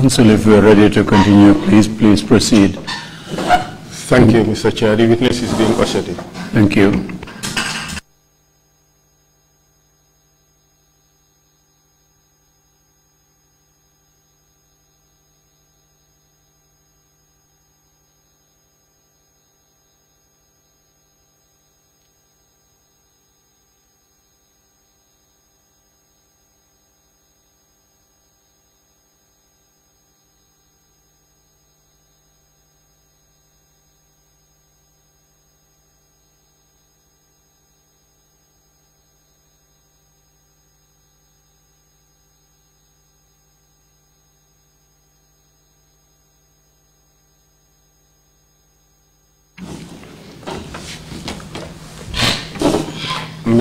Council, if we're ready to continue, please, please proceed. Thank you, Mr. Chair. The witness is being in. Thank you.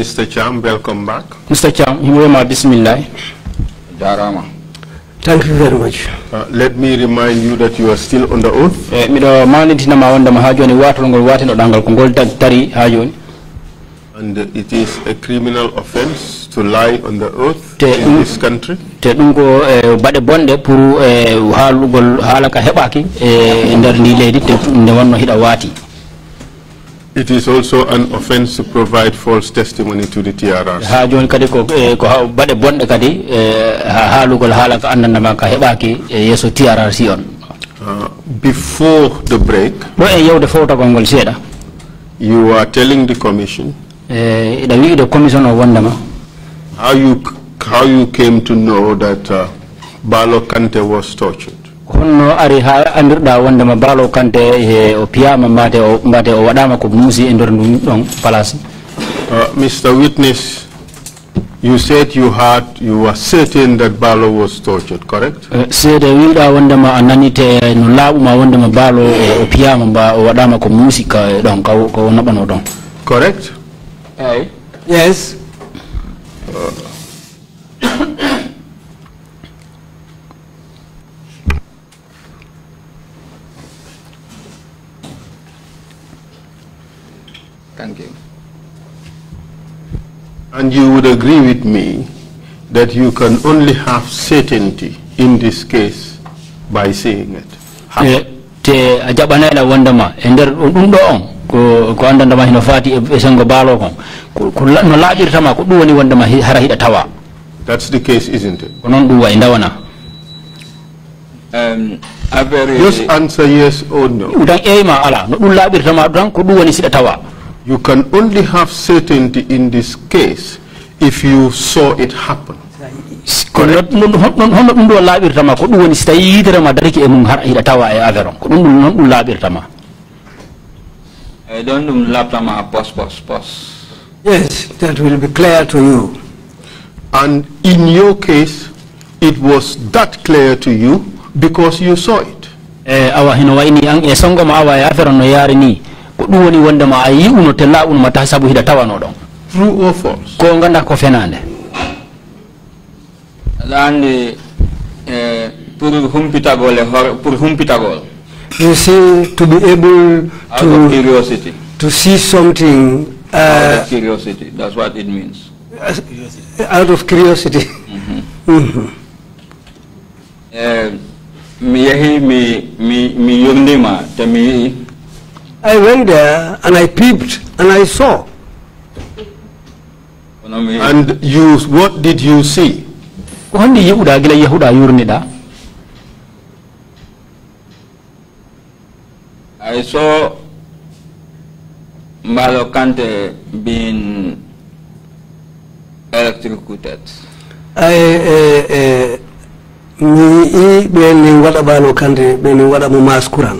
Mr. Cham, welcome back. Mr. Cham, my Bismillah. Jarama. Thank you very much. Uh, let me remind you that you are still on under oath. Eh, Mido manitina And it is a criminal offense to lie on the oath te in this country. Te dum ko eh, bade bonde pour halugol halaka hebaki e it is also an offense to provide false testimony to the TRRs. Ha joni kadi ko eh, ko bade bonde kadi eh, ka eh, uh, Before the break. e You are telling the commission. Iɗa commission o wondema. How you how you came to know that uh, Balo Kante was tortured ari ha wonde ma kante e o piyama o o ko e mr uh, witness You said you had, you were certain that Balo was tortured, correct? Uh, said wilda wanda ma ananite nulabu ma wanda ma Balo opia mba wadama ko musika don ka ko nabano don. Correct? Yes. Uh, And you would agree with me that you can only have certainty in this case by seeing it te a jaɓanayla wondema e nder ɗum ɗo on ko andandema hino faati e eh, sengo baalo kon no sama ko ɗum woni wondema hara hiɗa tawa that's the case isn't it ko noon Um. wayi dawana just answer yes or no ɗum tan eeyma ala no ɗum sama tan ko ɗum woni siɗa tawa you can only have certainty in this case if you saw it happen. kono honno ɗum ɗo laaɓirtama ko ɗum woni so tawi yiiterema yes that will be clear to you and in your case it was that clear to you because you saw it eyi eh, no ni ko ɗum woni wonde ma a yi'uno te laaɓuno ta sabu hiɗa tawano ɗon true or false ko ganda ko fenande aɗa andi eh, pour humpitagol e hor you see to be able out to of curiosity to see something uh, out of curiosity that's what it means uh, out of curiosity mm -hmm. Mm -hmm. mi yehi mi mi mi yurndima I went there and I peeped and I saw. And you, what did you see? wandi yehuda gila yehuda yurnida i saw malokante being electrocuted i mi eh, eh, i ɓeni waɗa ɓano kante ɓeni what about maskuran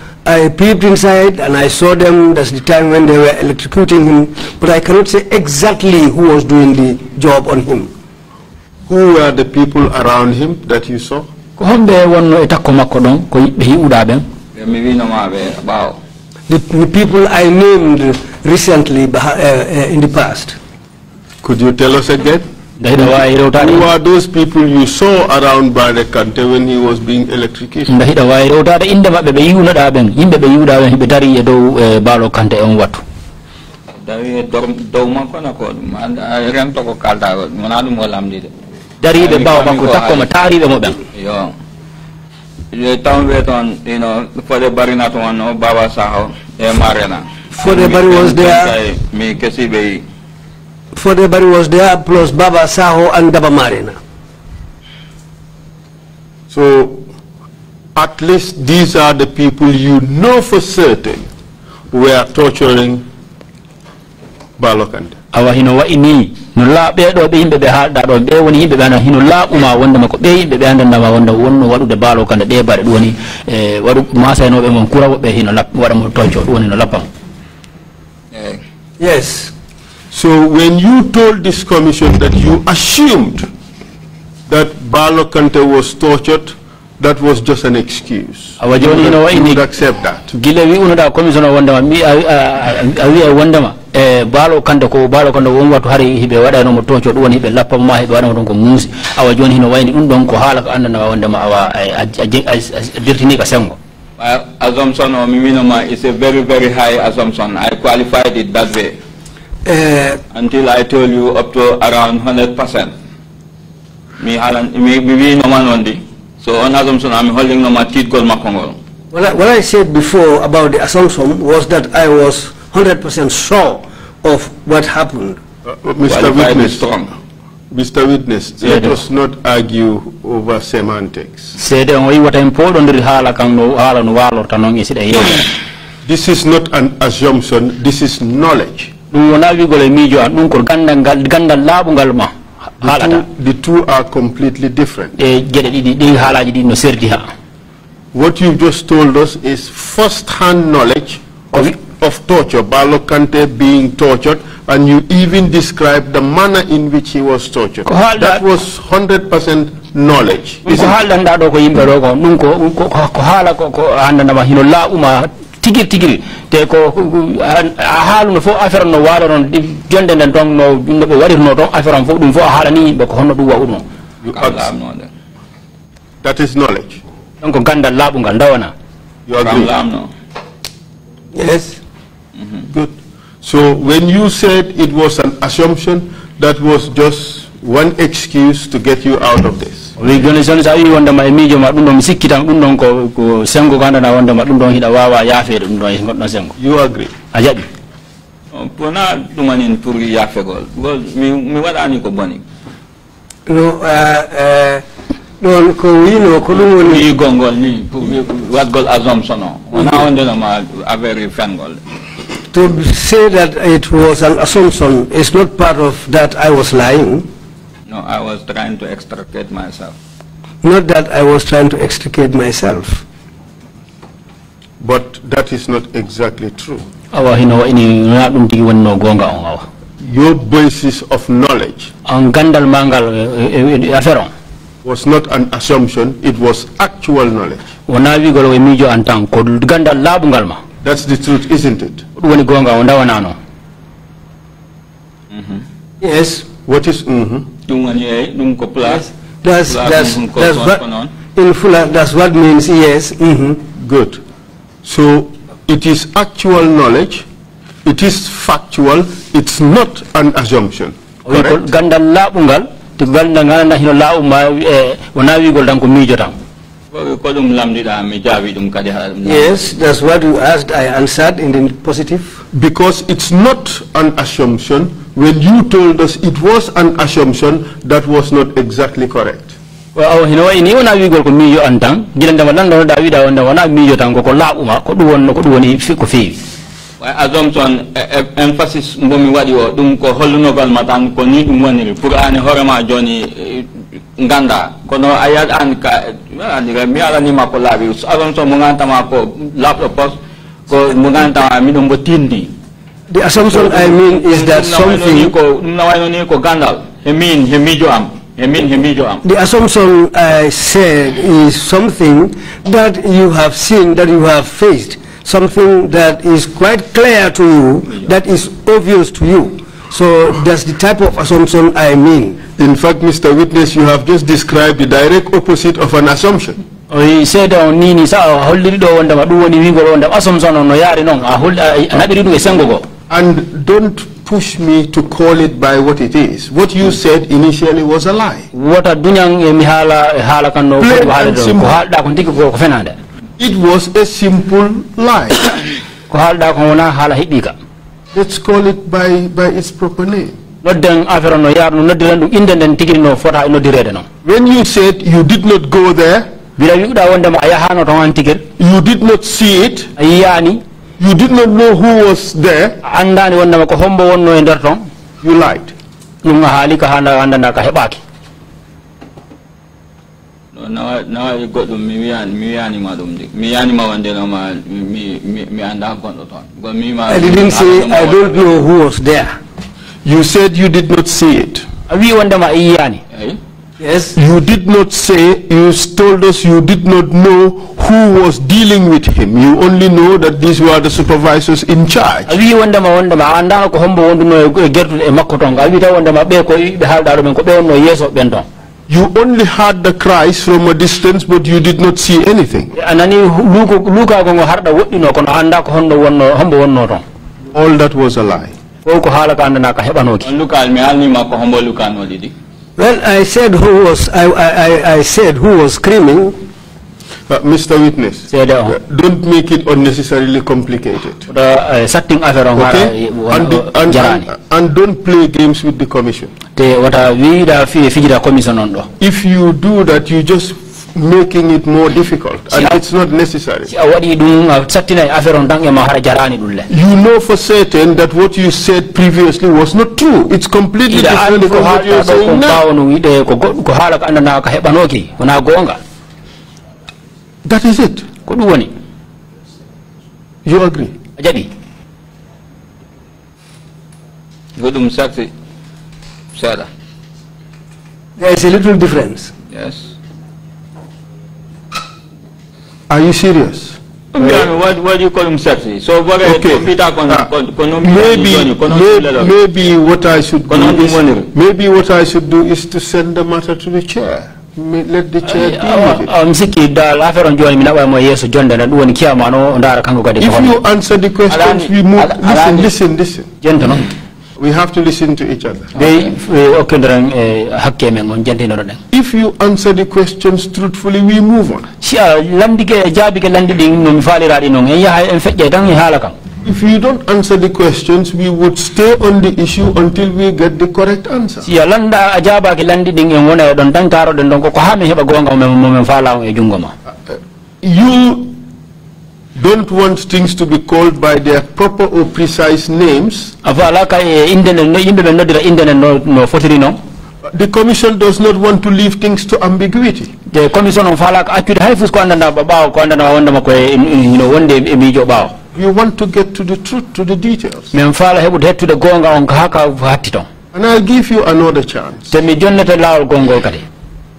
I peeped inside and I saw them. That's the time when they were electrocuting him. But I cannot say exactly who was doing the job on him. Who were the people around him that you saw? the, the people I named recently uh, uh, in the past. Could you tell us again? Dahidawa are those people you saw around Barakante when he was being electrocuted? Nda hida waire otade dari e dow Barakante on wattu dariɓe bawa eh, makko takkoma taariɓe mo ɓen fode bari For everybody was there, plus Baba Saho and Baba Marina. So, at least these are the people you know for certain were torturing Balokanda. awa hino wa'ini no laaɓe ɗo ɓe yimɓe ɓe haalɗa ɗon ɓe woni yimɓe ɓe anda hino laaɓuma wondema ko ɓe yimɓe ɓe andandama wonda wonno waɗude baalo kanda ɗe baɗe ɗum woni e waɗu masaynoɓe mon kurawoɓe hino waɗamo tonco ɗum woni no lappam eh. yes so when you told this commission that you assumed that Barlo Kante was tortured, that was just an excuse. You would, you would accept that. Gile wi unoda commission wondama mi a wi a wondama e baalo kande ko baalo kande won wattu hari hiɓe waɗano mo toco ɗum woni hiɓe ma hiɓe waɗamo ɗum ko awa joni hino wayni ɗum ɗon ko haala ko andana wondema awa dirtini ka sengo assumption o mi winoma is a very very high assumption i qualified it that way uh, Until I told you up to around 100%. Me, me, me, no man on So on assumption, I'm holding no my teeth gold What I, what I said before about the assumption was that I was 100% sure of what happened. Uh, uh Mr. Witness, strong. Mr. Witness, let us not argue over semantics. hala hala no walor tanong This is not an assumption, this is knowledge the two are completely different eh, no serdi ha what you have just told us is first hand knowledge of, of torture balo kante being tortured and you even described the manner in which he was tortured that was 100 percent knowledge ko ko ko ko ko ko hino tigui tigui te ko haaluno fof affaire am no waalo noon jonde nden ton no ɗum ɗo ɓe waɗirno ton affaire am fof ɗum a haalani yimɓe ko honno ɗum wawu ɗum that is knowledge ɗon ko gandal laaɓugal dawana you agree laamno yes mm -hmm. good so when you said it was an assumption that was just one excuse to get you out of this joni joni sa wi wondema e miijo ma ɗum mi sikki tan ko ko sengo wawa sengo you agree a jaɓi wona ɗumanin pour yaafegol mi waɗani ko boni no ɗon ko wino ko ɗum woni ni assumption to say that it was an assumption is not part of that i was lying no, I was trying to extricate myself. Not that I was trying to extricate myself. But that is not exactly true. Your basis of knowledge eh, eh, eh, was not an assumption, it was actual knowledge. That's the truth, isn't it? Mm -hmm. Yes. What is mm -hmm. Dung That's, that's, that's, what, in full. that's what means yes. Mm -hmm. Good. So it is actual knowledge, it is factual, it's not an assumption. Correct? Gandan laɓungal, to gandan gandan hino laɓuma wona wigol tan ko miijo tan. Yes, that's what you asked. I answered in the positive. Because it's not an assumption, when you told us it was an assumption that was not exactly correct. Well, hino wa ini wana wigol ko miyo antang gilan da wadan da wida wanda wana miyo tan ko la uma ko du won ko du woni fi ko fi assumption e- e- emphasis mbomi wadi o dum ko hollunogal matan ko ni dum woniri pour an horema joni e, nganda kono ayat an ka ani ga mi ala ni ma ko labi assumption mo nganta ma ko laptop ko mo nganta mi dum botindi The assumption I mean is that something... The assumption I said is something that you have seen, that you have faced, something that is quite clear to you, that is obvious to you. So that's the type of assumption I mean. In fact, Mr. Witness, you have just described the direct opposite of an assumption. said on nini sa holliri Do wondema ɗum woni wigol wondema assumption on no yaari noon a not ɗum e sengo goo and don't push me to call it by what it is. What you said initially was a lie. Wata dunyang e mihala hala kano hala simple. Hala kuntiki ko kofenanda. It was a simple lie. Ko hala kona hala hidika. Let's call it by by its proper name. Nodeng afero no yar no nodiran du indenden tigiri no fota no direde no. When you said you did not go there, bila yuda wonde ma ayahano to antigir. You did not see it. Ayani you did not know who was there. Andani wonnama ko hombo wonno e You lied. Ɗum haali ko handa andana ka heɓaki. nawa nawa i didn't say i don't know who was there you said you did not see it a wi wondema a yiyani eyi eh? Yes. You did not say, you told us you did not know who was dealing with him. You only know that these were the supervisors in charge. You only heard the cries from a distance, but you did not see anything. All that was a lie. Well, I said who was I, I, I said who was screaming. Uh, Mr. Witness, yeah, don't make it unnecessarily complicated. Uh, okay? And, the, and, and, and, don't play games with the commission. If you do that, you just making it more difficult and it's not necessary you know for certain that what you said previously was not true it's completely different from what you're saying now that is it you agree there is a little difference yes are you serious? Yeah, what, what do you call him So what okay. computer economy ah, maybe, maybe, what I should do is, maybe what I should do is to send the matter to the chair. let the chair deal with uh, it. Uh, if you answer the questions we move listen listen listen. Gentlemen we have to listen to each other. Eh, okay. Eh, if you answer the questions truthfully, we move on. Eh, if you don't answer the questions, we would stay on the issue until we get the correct answer. You don't want things to be called by their proper or precise names. The commission does not want to leave things to ambiguity. The commission of falak actually haifus kwandana babao na wanda kwe you know one wonde emijo bao. You want to get to the truth, to the details. Memfala would head to the gonga on of hatito. And I'll give you another chance. Temi jonnete laol gongo kadi.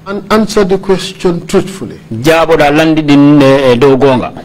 And answer the question truthfully. Jabo da landi din eh, do gonga.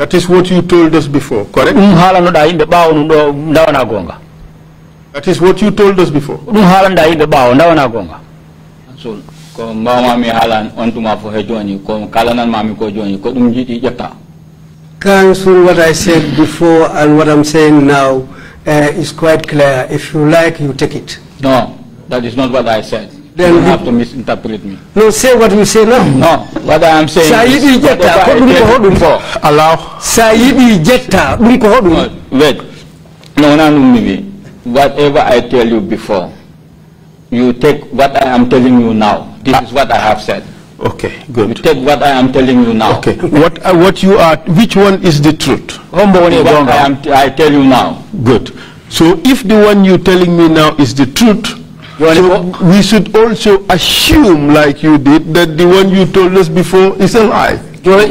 That is what you told us before, correct? ɗum haalannoɗa yimɓe ɓaawo ɗum ɗo dawana goonga That is what you told us before. ɗum haalannoɗa yimɓe ɓaawo dawana goonga so ko mbawmami haalan on tuma fof he jooni ko kalananmami ko jooni ko ɗum jiiɗi ƴetta Council, what I said before and what I'm saying now uh, is quite clear. If you like, you take it. No, that is not what I said. Then you have to misinterpret me. No, say what you say now. No, what I am saying Say it jetta, ko dum ko hodum ko. Allow. Saidi jetta, dum ko hodum. Wait. No, no, no, Whatever I tell you before, you take what I am telling you now. This is what I have said. Okay, good. You take what I am telling you now. Okay. what uh, what you are? Which one is the truth? Humble what I, am I tell you now. Good. So if the one you're telling me now is the truth, so we should also assume, like you did, that the one you told us before is a lie.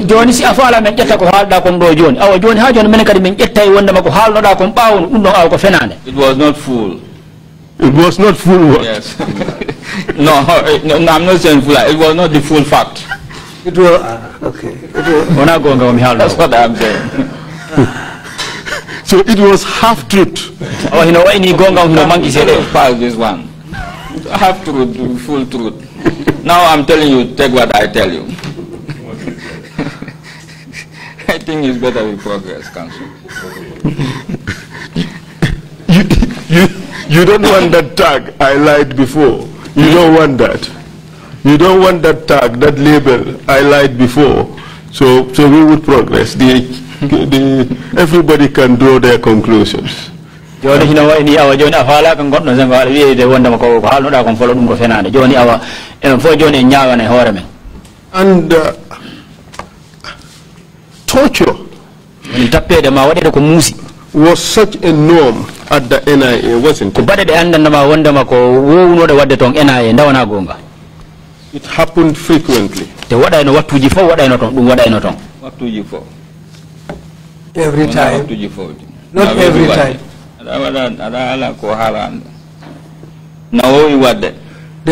joni si a faala min ƴetta ko haalɗa kon ɗo joni awa joni ha joni minen kadi min ƴetta e wondema ko haalnoɗa kon ɓawon ɗum ɗon awa ko fenade it was not fool it was not fool what yes. no, no, no i'm not saying fool it was not the full fact it was uh, okay it was, wona gonga womi haalɗo that's what i'm saying so it was half truth awa hino wayni gonga hino manqui seeɗe pass this one half truth, full truth. now I'm telling you, take what I tell you. I think it's better we progress, Council. you, you, you don't want that tag, I lied before. You don't want that. You don't want that tag, that label, I lied before. So, so we would progress. The, the, everybody can draw their conclusions joni awa joni ko ko kon folo ko fenade joni awa joni en men and torture woni tappede ma waɗede ko was such a norm at the NIA wasn't ko wadde NIA ndawana it happened frequently te waɗayno wattuji fof waɗayno wattuji every time not every time they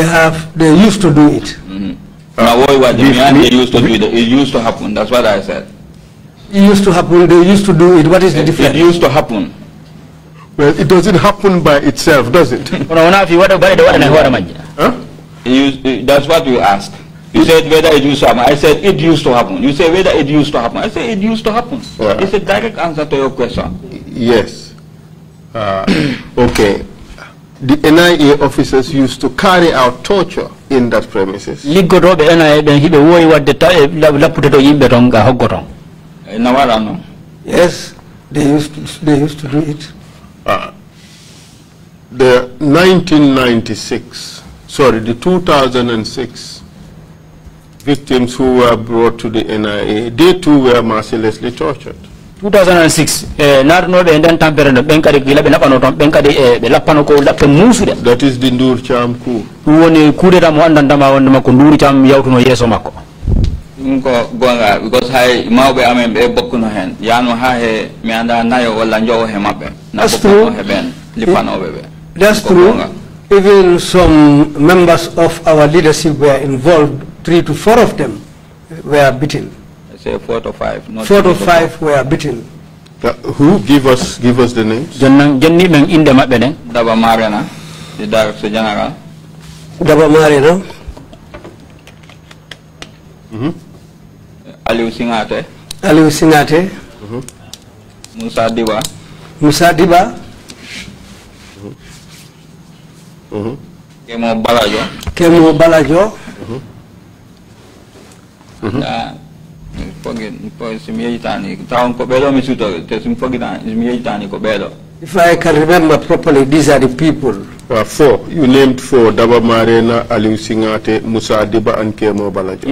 have, they used to do it. Mm -hmm. Uh, they used to do it. It used to happen. That's what I said. It used to happen. They used to do it. What is the difference? It used to happen. Well, it doesn't happen by itself, does it? huh? that's what you asked. You said whether it used to happen. I said it used to happen. You say whether it used to happen. I say it used to happen. It's a direct answer to your question. Yes. Uh, okay. The NIA officers used to carry out torture in that premises. the NIA ɗen hiɓe wowi wadde eh, lapputeto yimɓe toon ga hoggoton. Eh, no waɗa noon. Yes, they used to, they used to do it. Uh, the 1996, sorry, the 2006 victims who were brought to the NIA, they too were mercilessly tortured. 2006 e eh, naatanoɓe e eh, nden tampere ndo ɓen kadi gila ɓe naɓano toon e ɓe that is the ndour cam coup ɗum woni kuudeta mo anndantama wonde makko nduuri cam yawtuno yeeso because hay mawɓe nayo that's true even some members of our leadership were involved three to four of them were beaten say four to five. Not four to five, five were beaten. Uh, who give us give us the names? Daba the director general. Daba Marena. Mhm. Mm Singate. Aliou Singate. Mhm. Musa Diba. Musa Diba. Mm mhm. Kemo Balajo. Kemo Balajo. Mhm. Mm -hmm. uh, if I can remember properly, these are the people. Uh, four. You named four. Daba Marena, Aliu Singate, Musa Adiba, and Kemo Balaji.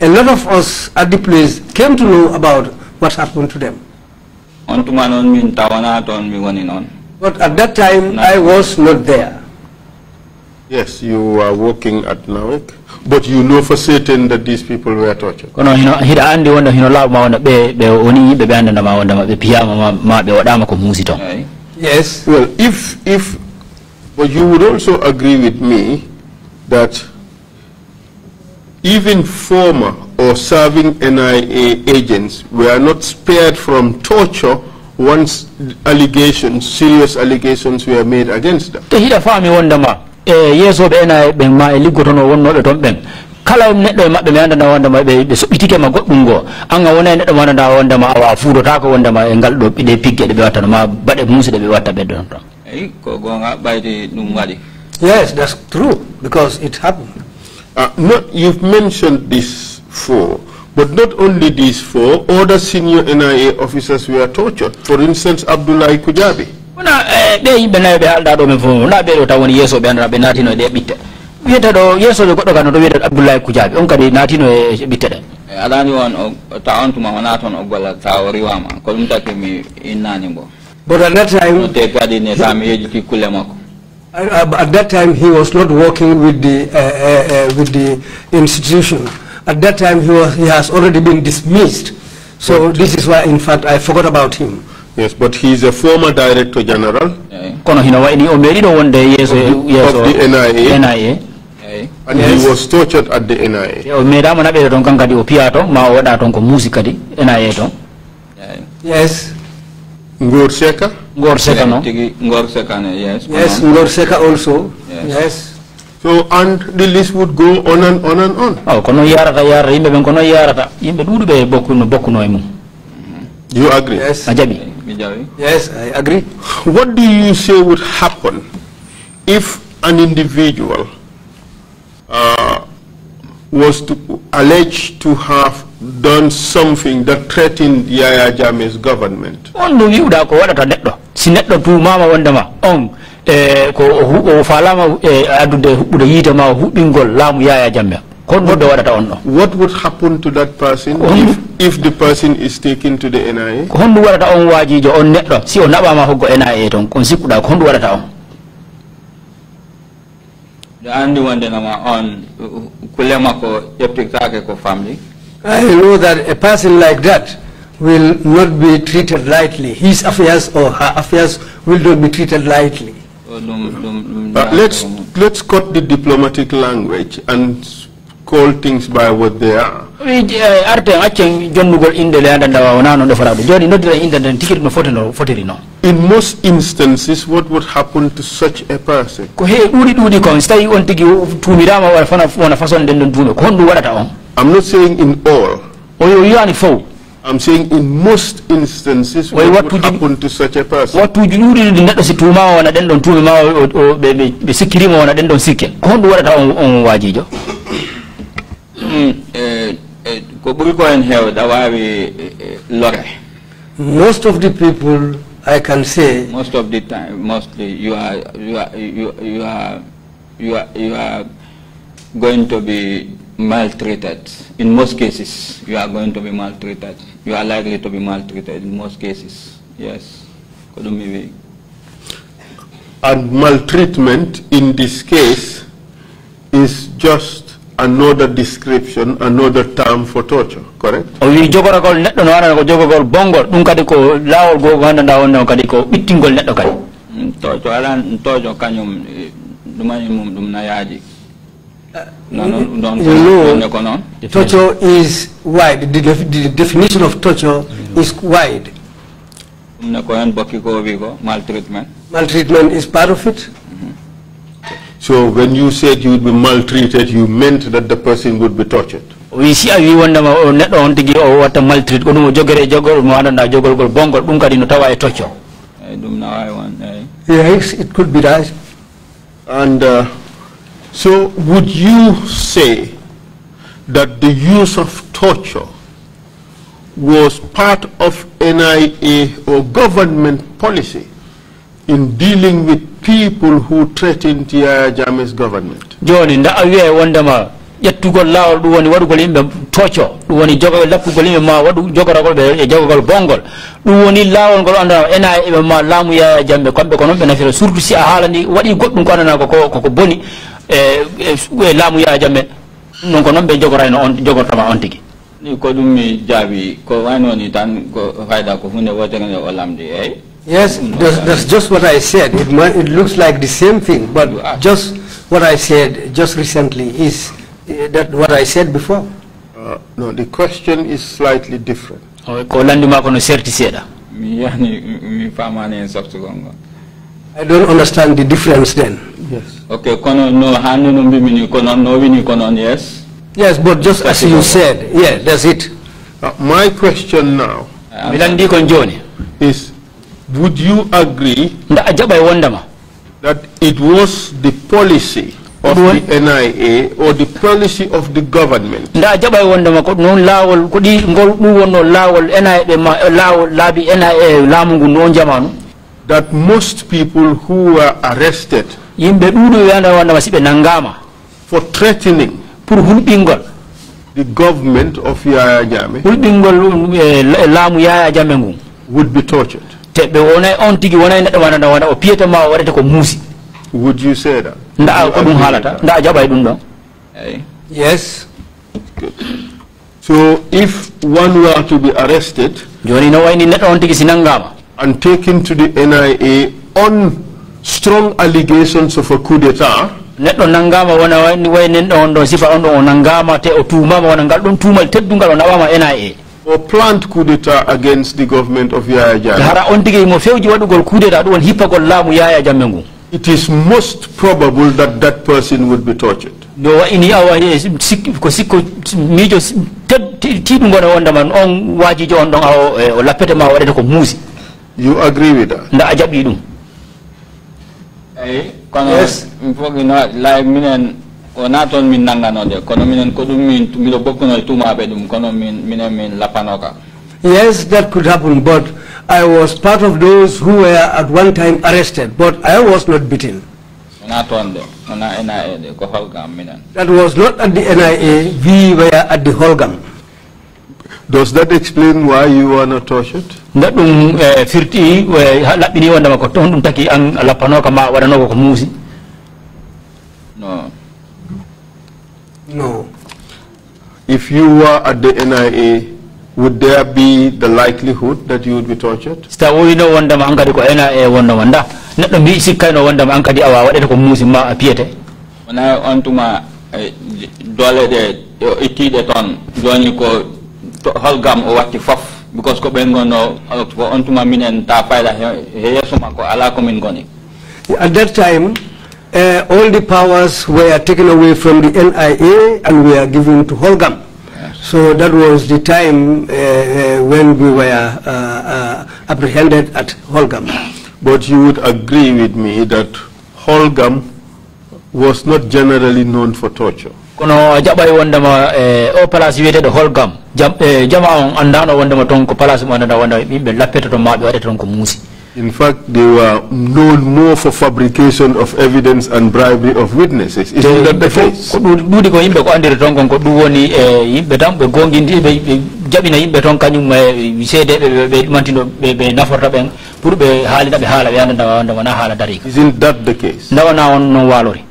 a lot of us at the place came to know about what happened to them. But at that time, I was not there. Yes, you are working at NAWIC, but you know for certain that these people were tortured. Kono hino hira andi be be oni anda ma be ma be Yes. Well, if if but you would also agree with me that even former or serving NIA agents were not spared from torture once allegations, serious allegations were made against them. To hida fami wondama e yeso be na be ma e liggotono wonnoɓe toon ɓen kala neɗɗo e maɓɓe mi andana wondema ɓe ɓe soɓɓitikema goɗɗum ngoo anga wana e neɗɗo mo andana wondema awa fuudotako wanda e ngal ɗo ɓiɗe pigge ɗe ɓe wattano ma baɗe muuse ɗe ɓe watta ɓeddon toon eyi ko gonga ɓayde ɗum waɗi yes that's true because it happened Ah, not you've mentioned this four but not only these four other senior nia officers were tortured for instance abdoulahi kujabi wona eh, ɓe yimɓe nayo ɓe halɗa ɗo men fof wona ɓeɗo taw woni yesso ɓe anduɗa ɓe natino e ɗe ɓitte wiyete ɗo yessoje goɗɗo kano ɗo wiyete abdoulahi kujabi on kadi natino e ɓitte ɗe e alani on o tawantuma wona toon o golla sa o riwama ko ɗum taki mi innanimo bota nattaymo te kadi ne sa mi yejiti kulle makko Uh, uh, at that time, he was not working with the, uh, uh, with the institution. At that time, he, was, he has already been dismissed. So but this is why, in fact, I forgot about him. Yes, but he is a former Director General eh, kono hino wayni o meeɗino wonde eh, yeeso oh. yeeso NIA, NIA. Eh, and yes. he was tortured at the NIA. Oh, o meeɗama naɓede toon kan kadi o piya ma o waɗa toon ko muusi NIA don. Yes. Ngor Seka? no? Ngor Seka, yes. Yes, Ngor also. Yes. yes. So, and the list would go on and on and on. Oh, kono yarata yarata, yimbe ben kono yarata. Yimbe dudu be bokuno bokuno emu. You agree? Yes. Ajabi. Yes, I agree. What do you say would happen if an individual uh, was to allege to have done something that threatened Yaya Jame's government. On do you da ko wada neddo si neddo tu mama wonde ma on e eh, ko o falama e adude hubbude yite ma eh, hubbingol laamu Yaya Jamme kon do wada on do what would happen to that person if, if the person is taken to the NIA ko hondu wada on wajijo on neddo si o naba ma hoggo NIA ton kon sikkuda ko hondu wada on andi wondenama on kulle makko ƴeftirtake ko famɗi I know that a person like that will not be treated lightly. His affairs or her affairs will not be treated lightly. let's, let's cut the diplomatic language and call things by what they are. Eh, arte accen jonnugol inde le anda ndawa wona noon defora ɗum joni noddira inde nden tikiri no foti no fotiri noon in most instances what would happen to such a person ko he ɗuuɗi ɗuuɗi kon so tawi to tigi tuumirama wona on i'm not saying in all I'm saying in most instances what, what would happen to such a person. What would you do neɗɗo si tuumawo wona ɗen ɗon tuumi ma ɓe sikkirima wona ɗen ɗon sikke ko honɗum waɗata on wajijo uh, uh, uh, most of the people i can say most of the time mostly you are you are you, you are you are you are going to be maltreated in most cases you are going to be maltreated you are likely to be maltreated in most cases yes and maltreatment in this case is just another description, another term for torture, correct? Owi jogoragol neɗɗo no wanata ko jogogol bongol ɗum kadi ko laawol goo gandanda on ɗon kadi ko ɓittingol neɗɗo kadi mm, tojo ala tojo kañum eh, ɗumani mum na nayaaji uh, mm, mm, no no, no. No, no, torture is wide the, def the definition of torture is wide ɗum ne ko hen maltreatment maltreatment is part of it so when you said you would be maltreated, you meant that the person would be tortured. We see a wi wondema o on tigi o or what a ɗum o jogere jogger. jogol mo waɗanɗa jogger bongol Bongo kadi di notawa e tocco eyyi ɗum nawawi won yes it could be that and uh, so would you say that the use of torture was part of NIA or government policy in dealing with people who threatened the Jammeh's government. joni nda a wiya wondema ƴettugol laawol ɗum woni waɗugol yimɓe tocco ɗum woni jogo lappugol yimɓe ma waɗu jogoragol ɓe e jogogol bongol ɗum woni laawol ngol andana ena eɓe ma laamu yaya jamɓe kamɓe ko noon ɓe nafira surtout si a haalani waɗi goɗɗum ko andana koko koko boni e e, e laamu yaya jamɓe noon ko noon ɓe jogorayno on jogortama on tigui ko ɗum mi jaabi ko wayno ni tan ko fayda ko hunde wotere nde o lamdi eyyi Yes, that's, that's, just what I said. It, might, it looks like the same thing, but just what I said just recently is eh, that what I said before. Uh, no, the question is slightly different. kono mi I don't understand the difference then. Yes. Okay, kono no hanu no kono no kono yes. Yes, but just as you said, yeah, that's it. Uh, my question now. Milandi konjoni. Is would you agree that it was the policy of the NIA or the policy of the government that most people who were arrested for threatening the government of Yaya Jame eh, eh, would be tortured te ɓe on tigi wonay neɗɗo ma nana wona o piyete ma o ko muusi would you say that nda ko ɗum haalata nda a jaɓay ɗum yes so if one were to be arrested joni no wayni neɗɗo on tigi si and taken to the nia on strong allegations of a coup d'etat neɗɗo nanngama wona wayni waynen ɗo on ɗon sifa on ɗon o te o tuumama wona ngal ɗon tuumal teddungal o naɓama nia for planned coup d'etat against the government of Yaya Jammeh. It is most probable that that person would be tortured. No ini awa You agree with that? yes min kono minen ko min e kono min minen min lapanoka yes that could happen but i was part of those who were at one time arrested but i was not beaten wona de wona nia de ko holgam minen that was not at the nia we were at the holgam Does that explain why you were not tortured? Nda ɗum eh, firti eh, laɓɓini wondema ko toon ɗum taki an lapanoka ma waɗanoko ko muusi. No. No. If you were at the NIA, would there be the likelihood that you would be tortured? Sta wino wondam hankadi ko NIA wonno wonda. Neɗɗo mbi sikkano wondam Mangadi, awa waɗete ko muusi ma a piyete. Wona on tuma dolede ittiɗe toon joni ko holgam o watti fof because ko ɓen gonno on tuma minen ta fayda yeeso makko ala komin goni. At that time, uh, all the powers were taken away from the NIA and we are given to Holgam. So that was the time uh, uh when we were uh, uh, apprehended at Holgam. But you would agree with me that Holgam was not generally known for torture. kono jaɓay wondema e o oh, place wiyeteɗo holgam jama on anndano wondema toon ko place mo anndanɗa wondema ɓinɓe lappete ma ɓe waɗete toon ko In fact, they were known more for fabrication of evidence and bribery of witnesses. Is that the case? Ko ɗuɗi ko yimɓe ko andiri toon kon ko ɗum woni e yimɓe tan ɓe gongindi ɓe jaɓina yimɓe toon kañum e seedeɓe ɓe ɗumantino ɓe naforta ɓen pour ɓe haalina ɓe haala ɓe anda nda wona haala dari ka. Isn't that the case? Nda wona on noon waalori.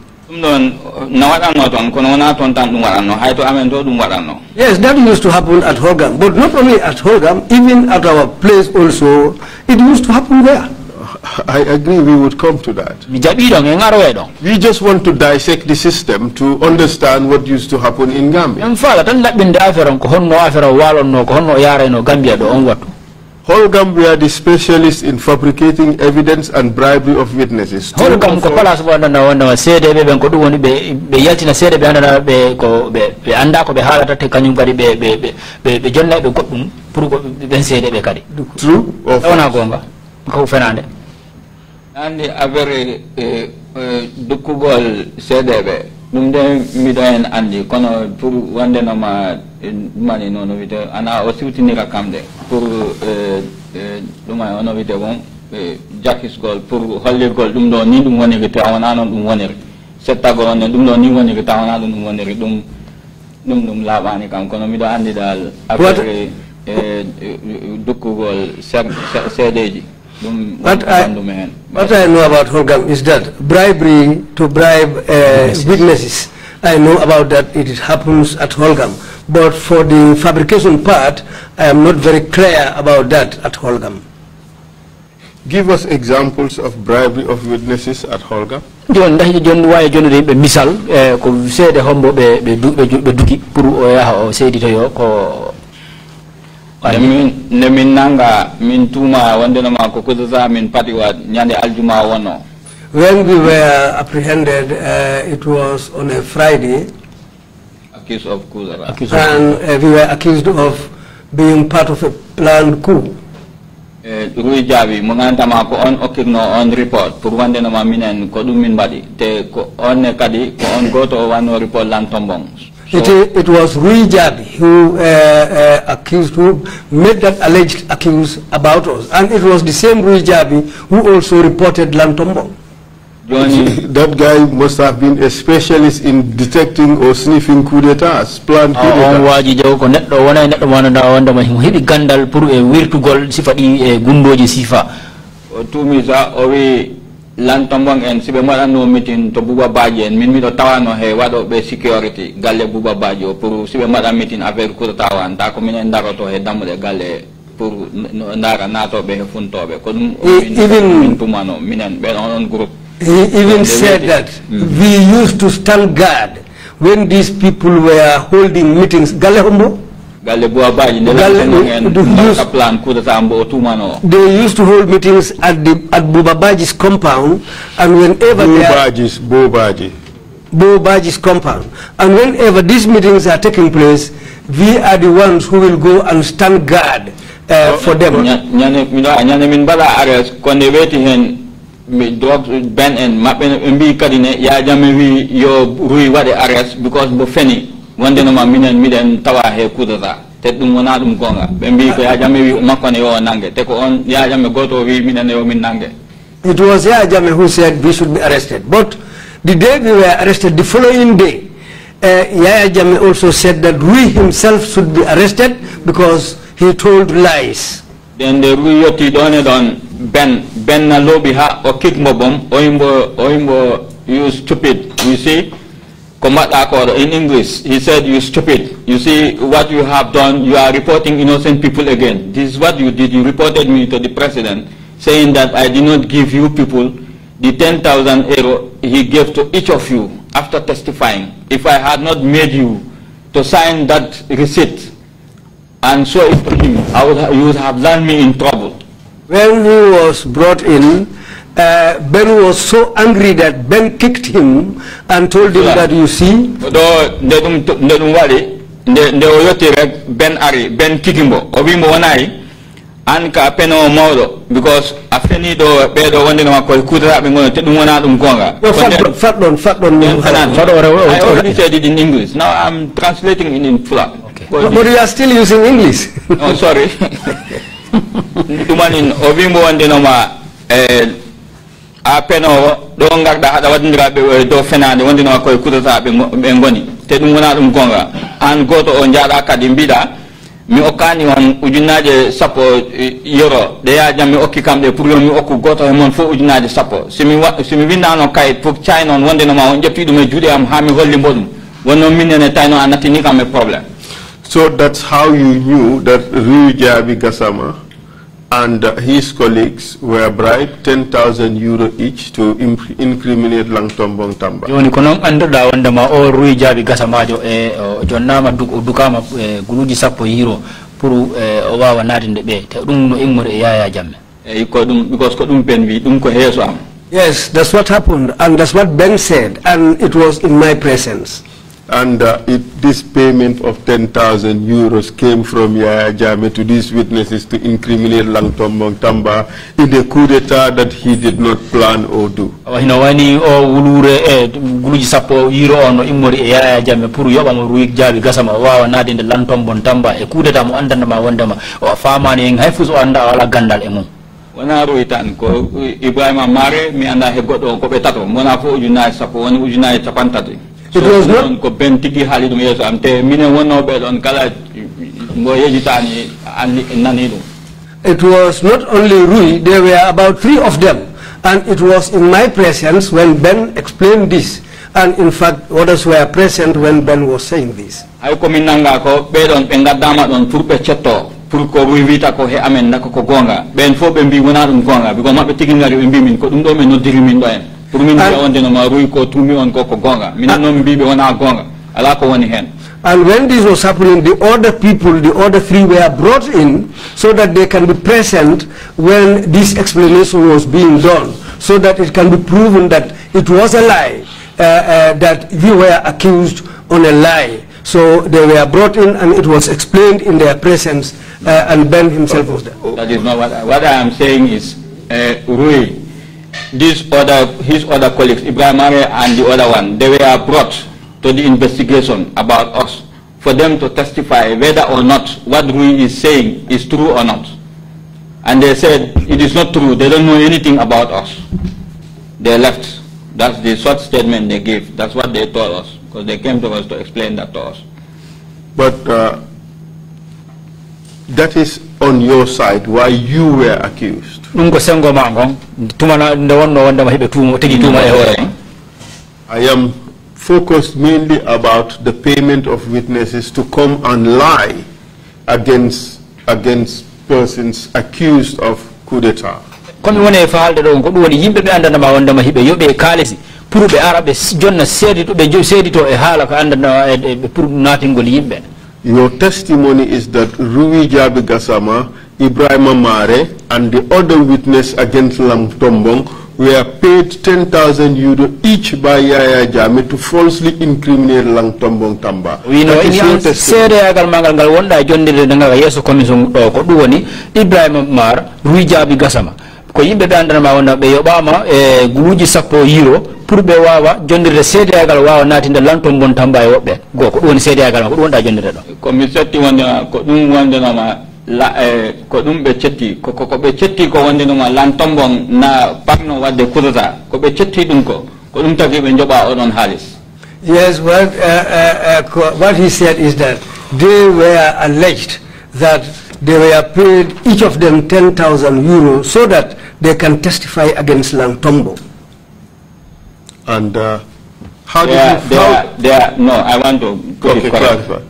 Yes, that used to happen at Hogam, but not only at Hogam, even at our place also, it used to happen there. I agree we would come to that. We just want to dissect the system to understand what used to happen in Gambia holgam are the specialists in fabricating evidence and bribery of witnesses holgam ko ko woni ko ko te pour ko kadi true ko fenande ɗum nde miɗo hen andi kono pour wandenoma eh, mani nono vite, ana o siwtinira kamɗe pour ɗuma eh, eh, ono vite, bon jakisgol pour hollirgol ɗum ɗo ni ɗum woniri taw wona noon ɗum woniri settagol on ne ɗum ɗo ni woniri taw wona ɗum ɗum woniri ɗum ɗum ɗum laaɓani kam kono miɗo anndi dal affaire e dokkugol seedeji what, I, what I know about Holgam is that bribery to bribe uh, witnesses. witnesses. I know about that it happens at Holgam. But for the fabrication part, I am not very clear about that at Holgam. Give us examples of bribery of witnesses at Holgam. Eh, duki nde min nanga min tuma wondenoma ko kusasa min pati patiwa ñande aljuma wonno when we were apprehended uh, it was on a friday accused of coup accused and uh, we were accused of being part of a planned coup eh, ruy jaabi mo gandama ko on okkirno on report pour wandenoma minen ko ɗum min mbaɗi te ko onne kadi ko on goto o wanno lan tombong it, it was Rui Jabi who uh, uh, accused, who made that alleged accuse about us. And it was the same Rui Jabi who also reported Lantombo. that guy must have been a specialist in detecting or sniffing coup d'etats, planned coup ah, d'etats. On waji jaw ko neddo wona neddo wananda wanda ma mo hebi gandal pour e wirtugol sifadi e sifa. lan tombong en sibe mwaɗanno mitin to buba baji en min miɗo tawano he waɗo ɓe sécurité galle buba baji o pour siɓe mbaɗa mitin affaire courtawa an ta ko minen daroto he dammuɗe galle pour ndara natoɓe he funtoɓe ko even min tumano minen ɓen onon group He even said that hmm. we used to stand guard when these people were holding meetings. Galehombo? They used to hold meetings at the at Bubabaji's compound, and whenever Bubaji's Bubaji. Bubaji's compound, and whenever these meetings are taking place, we are the ones who will go and stand guard uh, oh, for them. and yo arrest because feni minen tawa he kudata te wona gonga mbi ko wi makko ne yo te ko on goto wi minen yo min it was yajamme who said we should be arrested but the day we were arrested the following day uh, also said that we himself should be arrested because he told lies. Then the Ruyoti Donedon Ben Ben Nalobi ha o kick mobom oimbo oimbo you stupid you see combat accord in English. He said, you stupid. You see what you have done. You are reporting innocent people again. This is what you did. You reported me to the president saying that I did not give you people the 10,000 euro he gave to each of you after testifying. If I had not made you to sign that receipt and show it to him, I would, you would have landed me in trouble. When he was brought in, uh, Ben was so angry that Ben kicked him and told him that you see. nde o yetti rek ben ari ben kikimbo o wimo wonayi an ka peno mawɗo because a feni ɗo ɓeɗo wondega makko kutataɓe gono te ɗum wona ɗum gonga I already said it in english now i'm translating in, in fula okay. but, but you are still using english oh sorry ɗumanin o wimo wondenoma eh, a penowo ɗo garɗa haɗa waɗodira ɓe eh, dow fenade wondinowa koye kudata ɓe ɓe goni te ɗum wona ɗum gonga an goto o jaaɗa kadi mbiɗa mi okkani on ujunnaje sappo eh, yoro ɗeya jam mi okki kamɓe pour yo mi okku goto he moon fof ujunnaje sappo simi simi windano kayit pour cayno on wondenoma on ƴetti ɗum e juuɗe am ha mi holli mboɗum wonno minnene tawno a nattini kam e probléme so that's how you knew that Riu Jaabi gasama and his colleagues were bribed 10,000 euro each to incriminate Langtombong Tamba. Joni kono andada wanda ma o rui jabi gasamajo e jonnama dukama guluji sappo euro pour o wawa natinde ɓe te ɗum no immori e yaya jamme eyi ko ɗum because ko ɗum ben wi ɗum ko heeso am yes that's what happened and that's what ben said and it was in my presence and uh, it, this payment of 10,000 euros came from Yaya Jame to these witnesses to incriminate Langton Montamba, in a coup d'etat that he did not plan or do. Wahina wani o wulure e guluji sappo yiro ono immori e Yaya Jame pour yoɓamo ruyik jaabi gasama wawa nadinde Langtom Mongtamba e coup d'etat mo andanama wondema o famani en hay fus o anda o ala gandal e mum wona roytan ko Ibrahima Mare mi anda he goɗɗo on ko ɓe tato mona fo ujunaji sappo woni ujunaji capantato it so was not ko ben tigi haali ɗum yeeso am te minen wonnoɓe ɗon kala mo yejitani andi nani ɗum it was not only Rui, there were about three of them. And it was in my presence when Ben explained this. And in fact, others were present when Ben was saying this. Ay ko min nanga ko ɓeɗon ɓe gaddama ɗon pour ɓe cetto pour ko wi he amen nakko ko gonga ɓen fof ɓe mbi wona ɗum gonga because maɓɓe tigi gari ɓe mbi min ko ɗum ɗo ɓe noddiri min ɗo and when this was happening, the other people, the other three were brought in so that they can be present when this explanation was being done, so that it can be proven that it was a lie, uh, uh, that we were accused on a lie. So they were brought in and it was explained in their presence uh, and Ben himself was there. That is not what I, what I am saying is uh, Rui these other, his other colleagues, Ibrahim and the other one, they were brought to the investigation about us for them to testify whether or not what Rui is saying is true or not. And they said, it is not true. They don't know anything about us. They left. That's the short statement they gave. That's what they told us, because they came to us to explain that to us. But uh, that is on your side, why you were accused sengo tumo tuma i am focused mainly about the payment of witnesses to come and lie against against persons accused of coup d'etat woni e faalde ko pour to e ko andana pour natingol your testimony is that Rui Jabi Gassama ibrahima mare and the other witness against lam tombong were paid 10000 euro each by yaya jame to falsely incriminate lang tombong tamba wino seedeyagal magal ngal wonɗa jondirde nde ngaka yesso commission ɗo uh, ko ɗum woni ibrahima mar ruy jaabi gasama ko yimɓeɓe andanama wona ɓe yoɓama e guuji sappo euro pour ɓe wawa jondirde seedeyagal wawa natinde lan tombon tamba e woɓɓe goo ko ɗum woni seedeyagal ma ko ɗum wonɗa jondirde ɗo komi setti wondema ko ɗum wondanama la, eh, ko cetti cetti ko wonde na parno wadde ko cetti ko ko tagi yes what, uh, uh, uh what he said is that they were alleged that they were paid each of them 10,000 euro so that they can testify against Lantombo. And uh, how did you... They are, they are, no, I want to put okay, it correct. Clarify.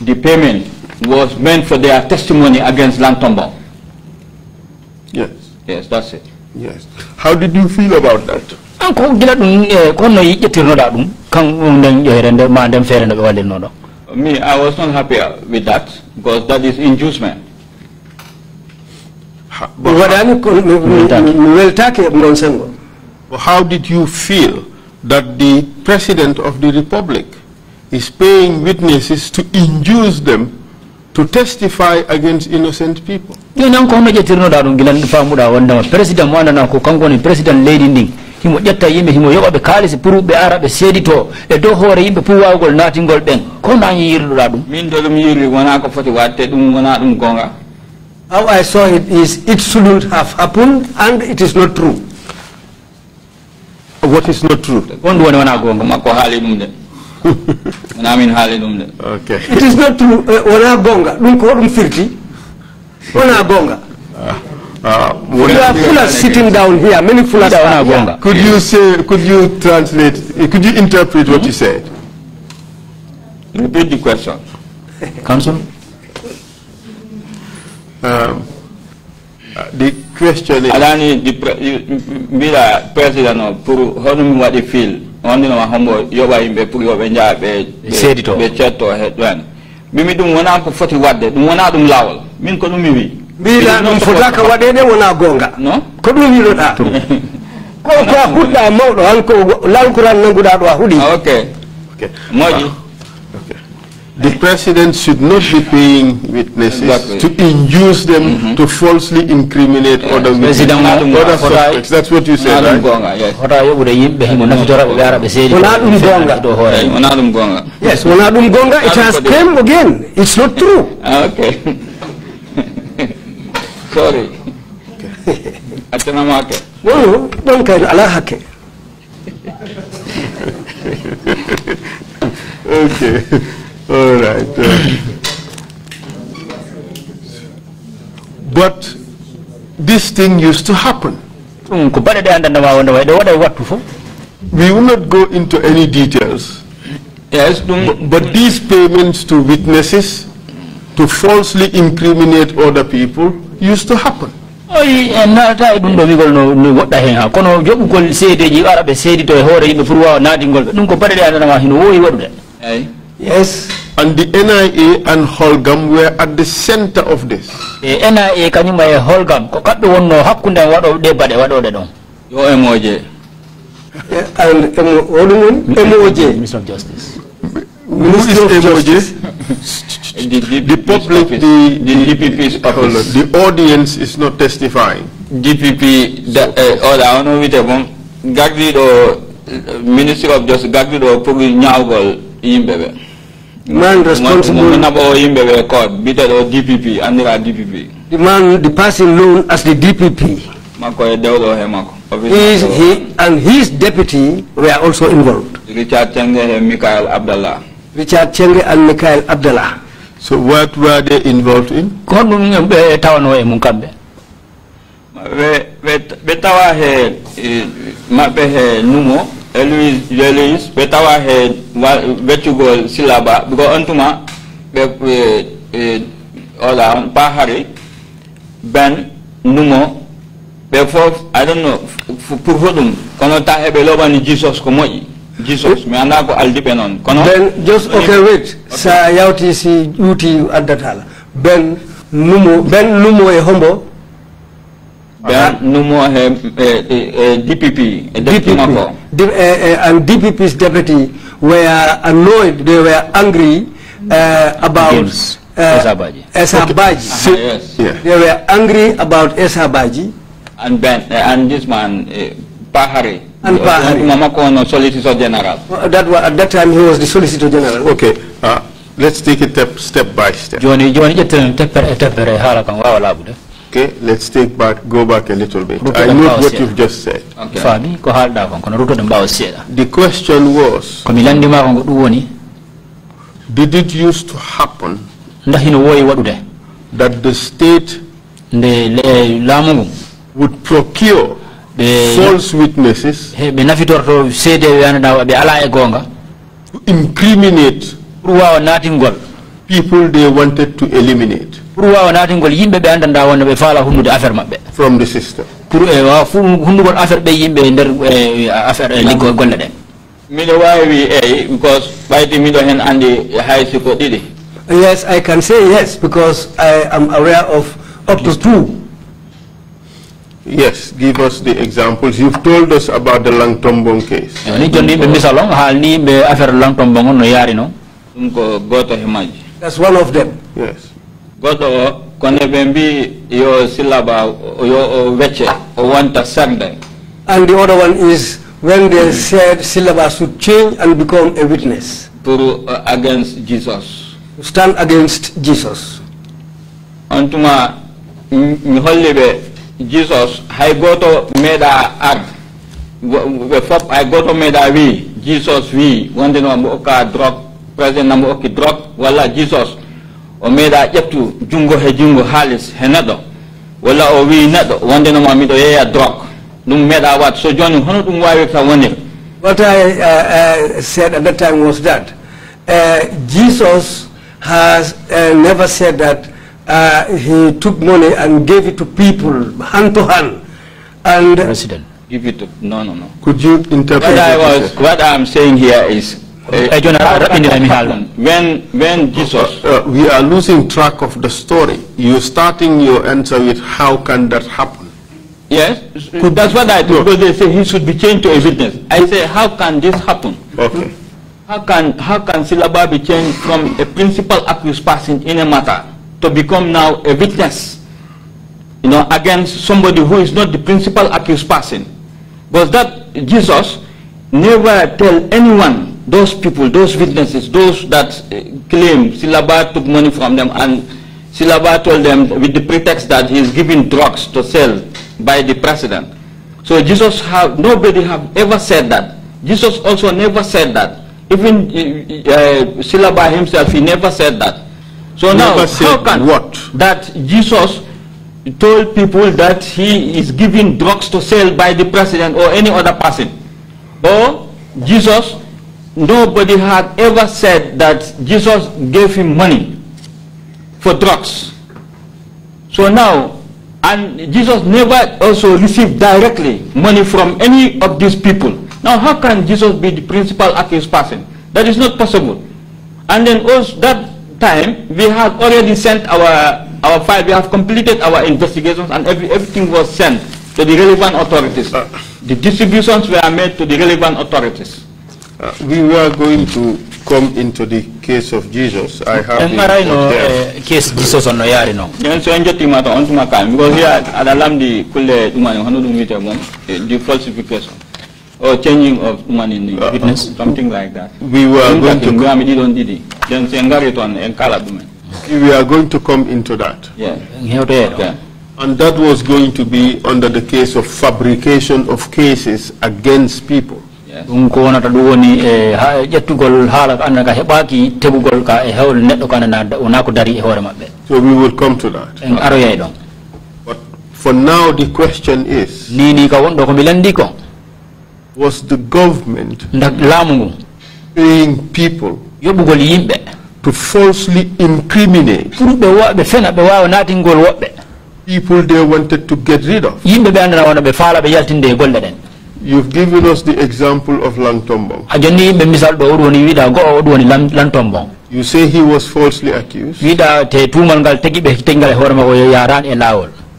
The payment was meant for their testimony against Lantombo. Yes. Yes, that's it. Yes. How did you feel about that? Eh, um, Me I was not happy with that because that is inducement. Wadani uh, mm-hmm. How did you feel that the president of the republic is paying witnesses to induce them to testify against innocent people yo nan ko hono ƴettirnoɗa ɗum gilan famuɗa wondema président mo na ko kanko woni président lady ning. himo ƴetta yimɓe himo yoɓaɓe kaalis pour ɓe be ɓe seedito e dow hoore yimɓe pour nati naatingol ben. Kona nañi yirluɗa ɗum min do ɗum yirli wona ko foti watte ɗum wona gonga how i saw it is it shouldn't have happened and it is not true what is not true wondu woni wona gonga makko haali ɗum wona min haali de ok it is not true eh, wona gonga ɗum ko ɗum firti wona Many We are sitting down here. Many fullers are here. Could you say? Could you translate? Eh, could you interpret what you said? Repeat the question. Council. Um, the question is. Alani, the, pre the president, Puru, how do you feel? wandino ma hombo yoɓa yimɓe pour yo ɓe jaa ɓe seedi to ɓe cetto he ɗoen mimi ɗum wona ko foti wadde ɗum wona ɗum lawol min ko ɗum mi wi mbiɗa ɗum fotaka waɗede wona gonga non ko ɗum wiɗoɗa ko ko a huɗɗa mawɗo han ko lalkuran nanguɗa ɗo a huuɗi ah, ok moƴƴi ah. The president should not be paying witnesses exactly. to induce them mm -hmm. to falsely incriminate yes. other witnesses. suspects. That's what you said, right? Yes, yes. it has come again. It's not true. okay. Sorry. okay. All right. Uh, but this thing used to happen. Hmm, we will not go into any details. Yes, but, but these payments to witnesses to falsely incriminate other people used to happen. Aye. Yes. And the NIA and Holgam were at the center of this. E NIA you buy Holgam ko kaddo wonno hakkunde wado de bade wado de don. Yo emoje. Eh, and MOJ. wodum emoje. Minister of Justice. Minister of Justice. the, the, the public, the, the DPP's office. The audience is not testifying. DPP, the, uh, eh, all I know with them, Gagdi do Minister of Justice, Gagdi do Pogi Nyawgol, Yimbebe. man responsible nabo yimɓe ɓe code biteɗo dpp andira dpp the man the person known as the dpp makko e dewɗo he makko is he and his deputy were also involved richard chenge and michael abdallah richard chenge and michael abdallah so what were they involved in ko ɗum ɓe tawano e mum kamɓe ɓe ɓe tawa he e, maɓɓe he numo religions wetawa you go silaba biko on tuma ɓe ola pa hari ben numo ɓe fof aɗonno pour fo ɗum kono ta heɓe loɓani jesus ko jesus me and I go noon kono ben just okay. wait sa yawti si ƴuuti addatala ben numo ben numo e hombo Ben Numo DPP, DPP and DPP's deputy were annoyed, they were angry uh, about Esabaji. Eh, Esabaji. Okay. Ah, yes. Yeah. They were angry about Esabaji. And Ben, uh, and this man, uh, Bahari. And Bahari. no Solicitor General. That was, at that time, he was the Solicitor General. Okay. Uh, let's take it step, step by step. Johnny, Johnny, just tell him, step by step, how I Okay, let's take back, go back a little bit. Ruto I note what you've just said. Okay. The question was, did it used to happen that the state would procure false witnesses incriminate people they wanted to eliminate pour wawa natingol andanda wonno affaire from the system pour e eh, hundugol affaire ɓe yimɓe e nder eh, affaire eh, liggo golle wawi because hen andi hay siko yes i can say yes because i am aware of up to two Yes, give us the examples. You've told us about the Langtombong case. That's one of them. Yes goto o kono yo syllaba yo veche o wanta sarde and the other one is when they said syllaba should change and become a witness pour uh, against jesus stand against jesus on tuma mi holli ɓe jesus hay goto meeɗa ar ɓe fof hay goto meda wi jesus wi wonde no mbo okka drogue président nambo okki drogue walla jesus what i uh, uh, said at that time was that uh, jesus has uh, never said that uh, he took money and gave it to people hand to hand and president give it to no no no could you interpret what i was what i'm saying here is Eh, when when Jesus uh, uh, we are losing track of the story you're starting your answer with how can that happen yes Could that's what I do no. because they say he should be changed to a witness I say how can this happen okay how can how can syllaba be changed from a principal accused person in a matter to become now a witness you know against somebody who is not the principal accused person because that Jesus never tell anyone those people, those witnesses, those that uh, claim Silaba took money from them and Silaba told them with the pretext that he is giving drugs to sell by the president. So Jesus have, nobody have ever said that. Jesus also never said that. Even uh, uh, uh Silaba himself, he never said that. So never now, how can what? that Jesus told people that he is giving drugs to sell by the president or any other person? Or Jesus nobody had ever said that Jesus gave him money for drugs. So now, and Jesus never also received directly money from any of these people. Now, how can Jesus be the principal accused person? That is not possible. And then also that time, we had already sent our, our file, we have completed our investigations and every, everything was sent to the relevant authorities. Uh, the distributions were made to the relevant authorities. Uh, we were going to come into the case of Jesus. I have en haray no case Jesus on no yari no. Yen so enjo tima to ontuma kam because here at alam di kule duma no hanu dumi tamo the falsification or changing of woman in the uh-huh. witness something like that. We were going to come did on didi. Then se ngari to an kala dumi. We are going to come into that. Yeah. Okay. And that was going to be under the case of fabrication of cases against people ko wonata woni e ko ka ka e eh, wona ko dari e so we will come to that en but for now the question is ka ko ko was the government laamu paying people to falsely incriminate fena wawa people they wanted to get rid of wona faala yaltinde golle You've given us the example of Lantombong. Ajani be do Lantombong. You say he was falsely accused. te horma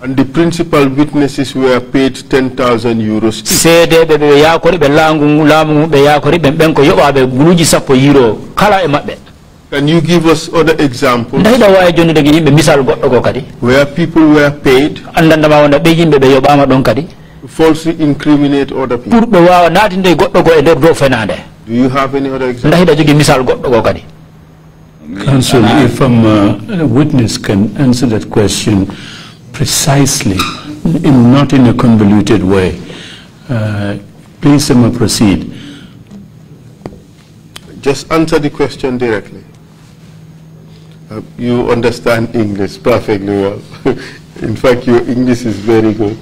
And the principal witnesses were paid 10,000 euros. Sede be be yakori be langu lamu be yakori be ben ko yoba be guluji sappo euro kala e Can you give us other examples? Ndaida kadi. Where people were paid. Andanda don kadi falsely incriminate other people do you have any other example counsel if i'm a witness can answer that question precisely in, not in a convoluted way uh, please Emma, proceed just answer the question directly uh, you understand english perfectly well in fact your english is very good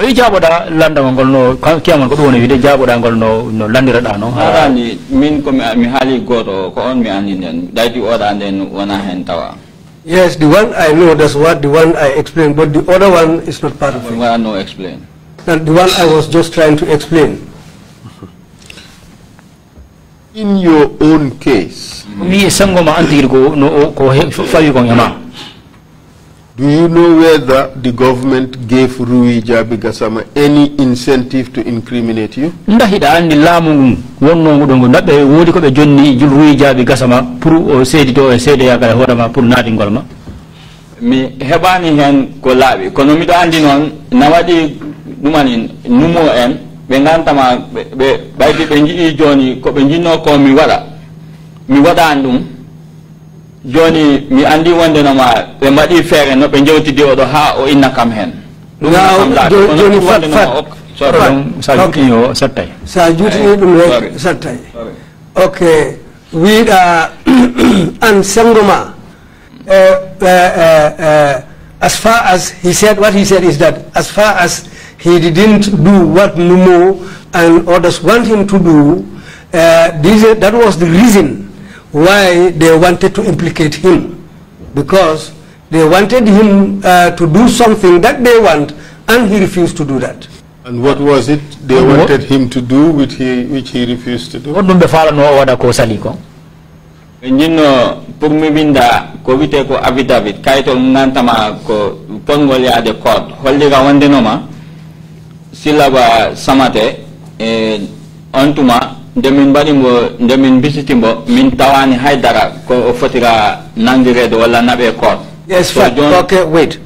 oyi jaaɓoɗa lanndagol ngol no kiyamol ko ɗum woni wiide jaaɓoɗangol no no lanndiraɗa noon haarani min komi mi haali gooto ko on mi anndi nden ɗaydi oɗa nden wona heen tawa yes the one i know that's what the one i explain. but the other one is not part of it wa no explain the one i was just trying to explain in your own case mi sengoma antigiri ko no ko fawi kon e ma do you know whether the government gave ruwi jaabi gasama any incentive to incriminate you dahiɗa anndi laamu ngu wonno ngu ɗo ngu naɓɓe woodi ko ɓe jonni ruwi jaabi gasama pour o seedito e seedeyagal hoore ma pour naatingol ma mi heɓani heen ko laaɓi kono miɗo anndi noon na waɗi ɗumani numo en ɓe ngantama ɓe ɓayde ɓe jiɗi jooni ko ɓe jinno ko mi waɗa mi waɗani ɗum joni mi andi wonde no ma ɓe mbaɗi feere no ɓe jewtidi oɗo ha o inna kam hen joni sa jutini o settay sa jutini ɗum rek settay ok wiiɗa an sengo ma eh, eh, eh, as far as he said what he said is that as far as he didn't do what Numo and others want him to do uh, this, that was the reason why they wanted to implicate him. Because they wanted him uh, to do something that they want, and he refused to do that. And what was it they and wanted what? him to do which he, which he refused to do? What do the follow no order ko saliko? Njino pour mi binda ko wite ko kaito kayto ma ko pongol ya de code holli ga wande noma silaba samate antuma eh, min tawani haydara ko fotira yes so fact. okay wait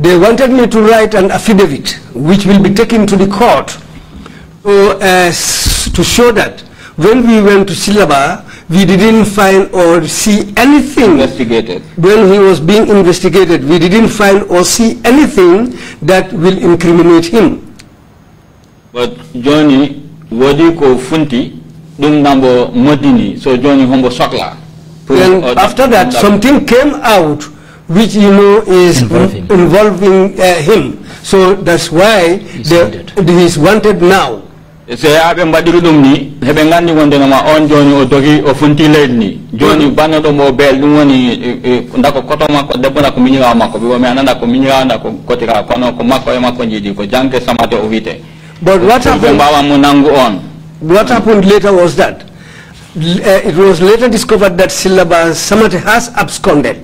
they wanted me to write an affidavit which will be taken to the court to, uh, to show that when we went to Silaba, we didn't find or see anything. Investigated. When he was being investigated, we didn't find or see anything that will incriminate him. But Johnny, wodi ko funti ɗum nambo moddini so joni hombo sohla and after that something came out which you know is involving, involving uh, him so that's why he's, the, wanted now so ɓe mbaɗiri ɗum ni heɓe nganndi wondenoma on jooni o dogi o funti leydi ni jooni hmm. mo beel ɗum woni ndako koto makko debbo nda ko miñirawo makko ɓe womi ananda ko miñirawo nda kotira kono ko makko e makko jiiɗi ko janke samate o wiyete but what happened, what happened later was that uh, it was later discovered that Silaba Samate has absconded.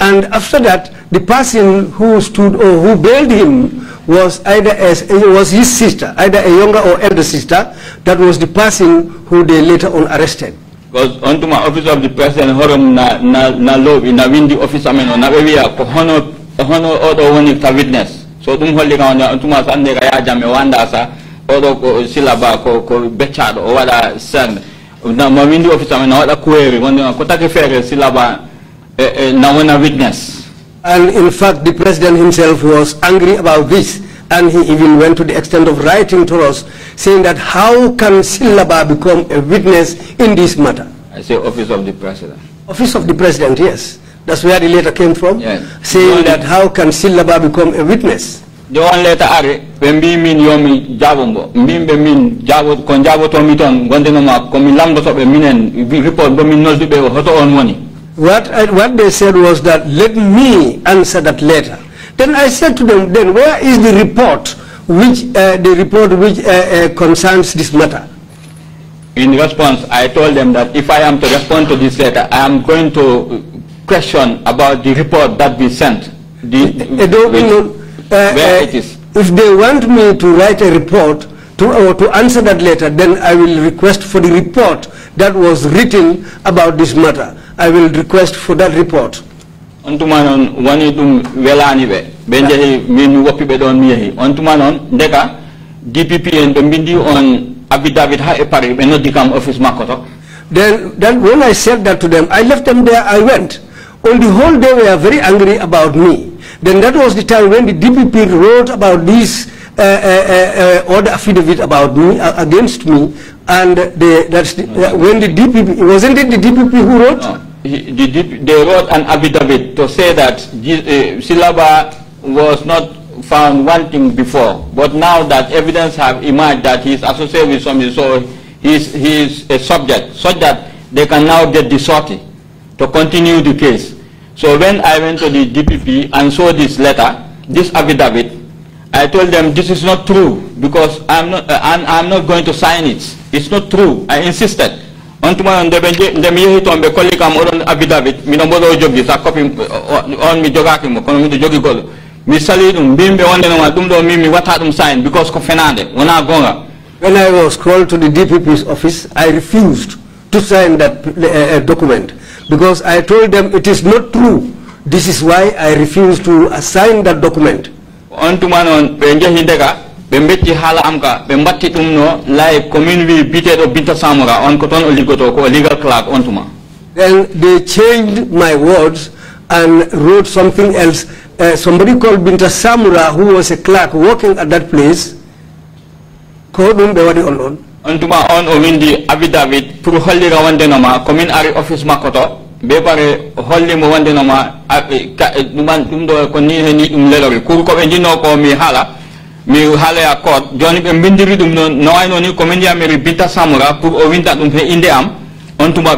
And after that, the person who stood or who bailed him was either as, was his sister, either a younger or elder sister. That was the person who they later on arrested. Because onto my office of the president, horom na na na lobby na the office amen na we are hono hono order woni witness so ɗum holli kam tuma so annde ka yaha jam wanda sa oɗo ko silaba ko ko beccaɗo o waɗa serde ma windi office amen na waɗa query wonde ko taki feere silaba e na wona witness and in fact the president himself was angry about this and he even went to the extent of writing to us saying that how can Silaba become a witness in this matter? I say office of the president. Office of the president, yes. That's where the letter came from, yes. saying that how can Silaba become a witness? The one letter are when mbi min yomi jabumbo mbim be min jabo kon jabo to gonde mama ko mi so be minen report bo min nosdu be hoto on woni what I, what they said was that let me answer that letter then i said to them then where is the report which uh, the report which uh, uh, concerns this matter in response i told them that if i am to respond to this letter i am going to question about the report that we sent. The, I eh, eh, eh, don't which, know uh, where uh, it is. If they want me to write a report to, or to answer that letter, then I will request for the report that was written about this matter. I will request for that report. ontuma noon woni ɗum welani ɓe ɓe jeehi min woppi ɓe ɗon mi yeehi on tuma noon ndeka dpp and Bindi mbindi on abidavit ha e paris ɓe noddi kam office makoto. then, then when i said that to them i left them there i went on the whole, day, they were very angry about me. Then that was the time when the DPP wrote about this uh, uh, uh, uh, order affidavit about me, uh, against me, and the, that's the, uh, when the DPP, wasn't it the DPP who wrote? He, the they wrote an affidavit to say that Silaba was not found wanting before, but now that evidence have emerged that he's associated with some, so he's, he's a subject, so that they can now get the sortie to continue the case. So when I went to the DPP and saw this letter, this affidavit, I told them this is not true because I'm not, uh, I'm, I'm, not going to sign it. It's not true. I insisted. On to my ndem yehi to mbe kolli kam odon affidavit mi no bodo jogi sa copy uh, on mi jogaki mo kono mi do jogi gol mi sali dum bimbe wonde no dum do mi mi wata dum sign because ko fenande wona gonga when i was called to the dpp's office i refused to sign that uh, uh document because I told them it is not true. This is why I refuse to assign that document. On tuma non ɓe jehi dega ɓe becci haala am ka ɓe mbatti ɗum no lay commune wi biteɗo binta samora on ko toon o ko legal clerk on tuma then they changed my words and wrote something else. Uh, somebody called Binta Samura, who was a clerk working at that place, called him Bewadi Olon. Antuma on Omindi Abidavid, Purholi Rawandenoma, Commune Ari Office Makoto, holli mo ko ni um lelori ko mi mi joni bindiri no ni samura pour o winda inde am on tuma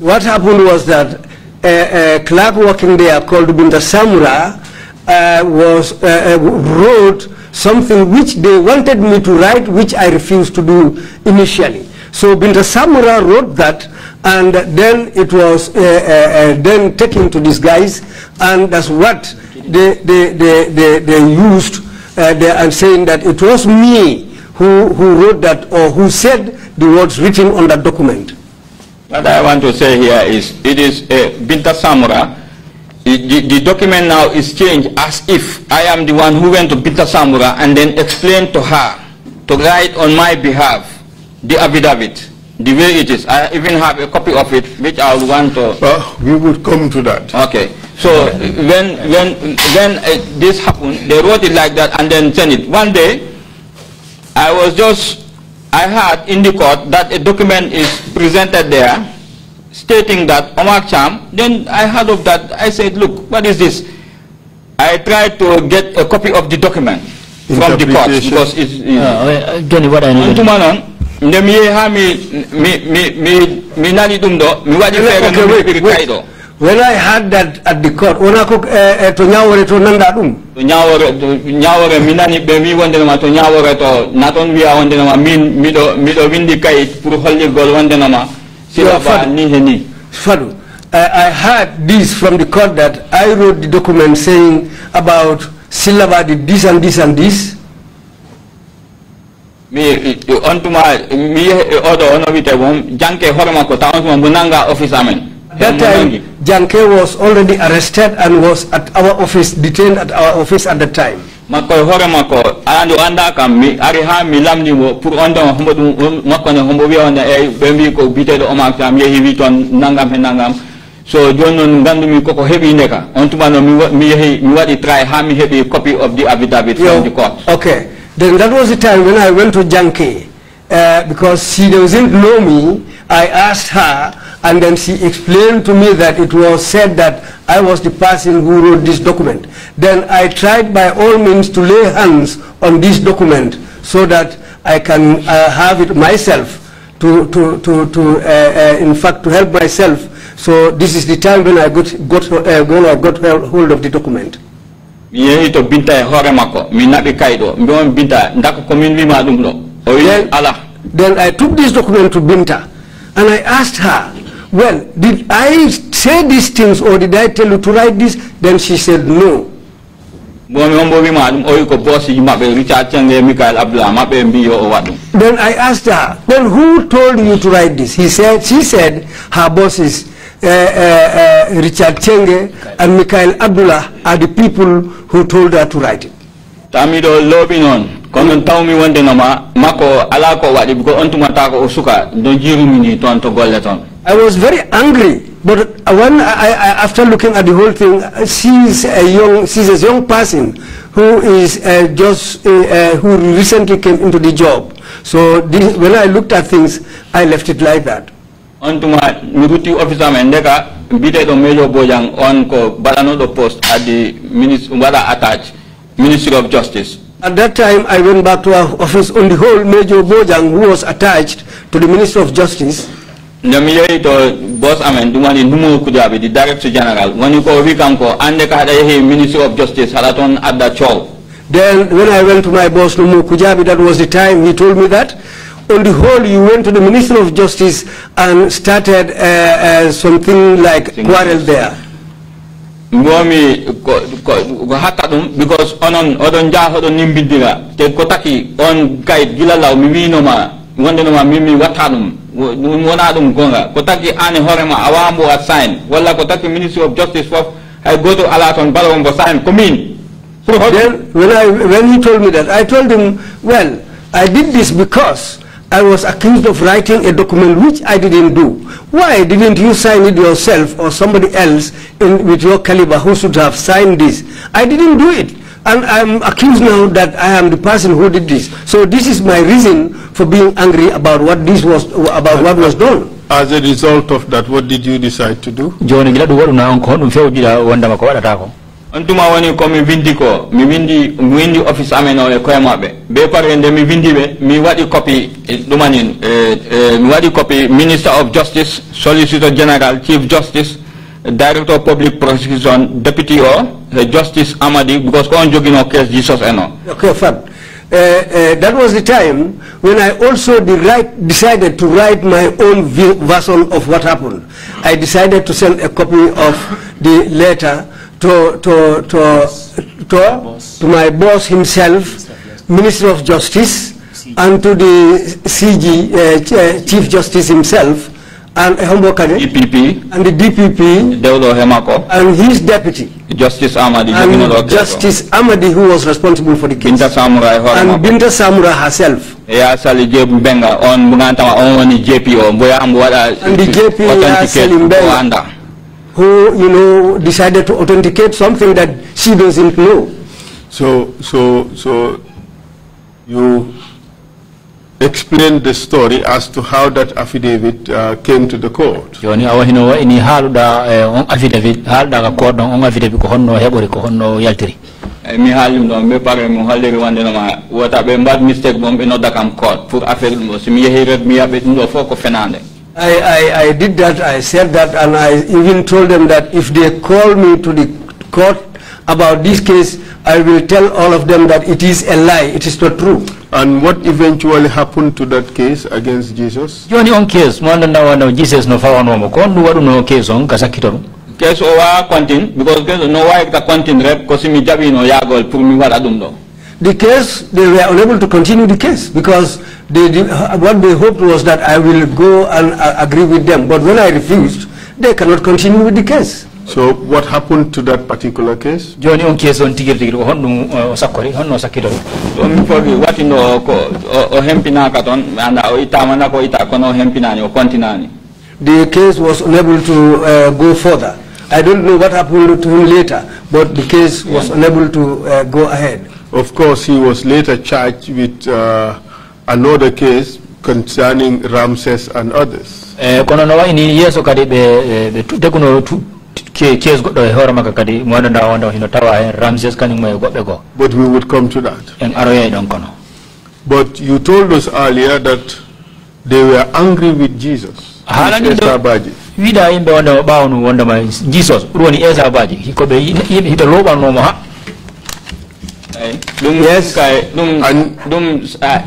what happened was that a, a working there called binta samura uh, was uh, uh, wrote something which they wanted me to write which i refused to do initially so binta samura wrote that and then it was uh, uh, uh, then taken to these guys, and that's what they, they, they, they, they used they, and saying that it was me who, who wrote that or who said the words written on that document. What I want to say here is it is uh, Binta Samura. The, the, document now is changed as if I am the one who went to Binta Samura and then explained to her to write on my behalf the affidavit the way it is. I even have a copy of it, which I would want to. Well, we would come to that. Okay. So when when when uh, this happened, they wrote it like that and then sent it. One day, I was just I heard in the court that a document is presented there, stating that Omar Cham. Then I heard of that. I said, look, what is this? I tried to get a copy of the document from the court because it's. Uh, uh, Johnny, what I know nde mi yeeha mi mi mi mi mi nani ɗum ɗo mi waɗi feere kayɗo when i had that at the court wona ko e eh, eh, to ñawore to nanda ɗum to ñawore ñawore mi nani ɓe wi wondenoma to ñawore to na toon wiya wondenoma min miɗo miɗo windi kayit pour hollirgol wondenoma silaba ni he ni fadu I, I heard this from the court that I wrote the document saying about syllaba did this and this and this mi ontuma mi eh, oɗo ono wiyte mom janke hoorema ko tawantuma mbo nanga office amen that time janke was already arrested and was at our office detained at our office at the time makkoye hoore makko alande o annda kam mi ari ha mi lamdimo pour on ɗon hombo ɗum makko ne hombo wiya onde eyyi eh, ɓe mbi ko biteɗo omar sam yeehi wi toon nanggam he nanggam so joni noon mi koko heeɓi nde ka on tuma no mi yeehi mi waɗi tray ha mi heeɓi copy of the affidavit from the court okay then that was the time when I went to Janke uh, because she doesn't know me. I asked her and then she explained to me that it was said that I was the person who wrote this document. Then I tried by all means to lay hands on this document so that I can uh, have it myself to, to, to, to uh, uh, in fact, to help myself. So this is the time when I got, got, uh, when I got hold of the document yehi to binta e makko mi wima o ala then i took this document to binta and i asked her well did i say these things or did i tell you to write this then she said no bo wima o ko richard michael mbi yo o then i asked her then who told you to write this he said she said her boss is." uh, uh, Richard Chenge and Mikhail Abdullah are the people who told her to write it. Tamido Lobinon, mako on do to I was very angry but when I, I, after looking at the whole thing she's a young she's a young person who is uh, just uh, uh, who recently came into the job so this, when I looked at things I left it like that on tuma mi rutti office amen ndeka mbiteɗo mejo bojang on ko do post at the ministre waɗa attach ministry of justice At that time, I went back to our office on the whole Major Bojang, who was attached to the Minister of Justice. to boss amen dumani numo kujabi the director general when you go vikanko ande ka hada yehi ministry of justice halaton at the then when i went to my boss numo kujabi that was the time he told me that on the whole, you went to the Minister of Justice and started uh, uh, something like quarrel there. ngomi ko ko hatta dum because onon odon jahoɗon nimbindira te ko taki on gayit gila law mi winoma gondenoma min mi watta ɗum ɗum wona ɗum gonga ko taki an hoorema a wambo a sign walla ko taki ministry of justice foof hay goto ala toon bala wombo sign ko min then when, I, when he told me that I told him well I did this because I was accused of writing a document which I didn't do. Why didn't you sign it yourself or somebody else in, with your caliber who should have signed this? I didn't do it. And I'm accused now that I am the person who did this. So this is my reason for being angry about what this was about what was done. As a result of that, what did you decide to do? on tuma woni komi windi ko mi windi mi windi office amen o e koye maɓɓe ɓe parle nde mi windi ɓe mi waɗi copie ɗumanin mi waɗi copie ministre of justice solicitor général chief justice director of public prosecution deputy o justice amadi because ko on joguino case jesus en o okay, fine. Uh, uh, eh, that was the time when I also de write, decided to write my own version of what happened. I decided to send a copy of the letter to, to, to, to, to my boss himself, Minister of Justice, and to the CG, uh, uh, Chief Justice himself, and Hombokade, EPP, and the DPP, Deudo Hemako, and his deputy, Justice Amadi, and Justice Amadi, who was responsible for the case, Binta Samurai, and Binta Samura herself. Yeah, Sally Benga on Muganta on JPO, where I'm what I who, you know, decided to authenticate something that she doesn't know. So, so, so you explain the story as to how that affidavit uh, came to the court. Joni awa hino wa ini haluda eh, on affidavit da ga court on affidavit ko honno heɓori ko honno yaltiri. Eh, mi haalim ɗon ɓe pare mi holliri wandenoma wota ɓe mbat mistake mom ɓe da kam court for affidavit ɗum ɗo somi yehi red mi yaɓe ɗum ɗo ko fenande I, I, I did that, I said that, and I even told them that if they call me to the court about this case, I will tell all of them that it is a lie, it is not true. And what eventually happened to that case against Jesus? Joni on case, mwanda na wana Jesus no fa wano moko, ndu wadu no case on kasakitoro. Case owa continue, because case no wa ikta continue rep, kosi mi jabi no yagol, pour mi wala dum the case, they were unable to continue the case because they what they hoped was that I will go and uh, agree with them. But when I refused, they cannot continue with the case. So what happened to that particular case? Joni on case on tigir tigir hon no uh, sakori, hon no sakkido. To mi fogi you, no ko o hempina ka ton anda o mana ko ita kono hempinani o kontinani. The case was unable to uh, go further. I don't know what happened to him later, but the case was unable to uh, go ahead. Of course, he was later charged with uh, another case concerning Ramses and others. Eh, kono kadi case kadi hino tawa ramses but we would come to that en kono but you told us earlier that they were angry with jesus haalanɗi ɗo wiɗa yimɓe wondema ɓawnu wondema jesus ɗum woni esa baji koɓe yimɓe hito loɓannomo ha Eh, yes. kay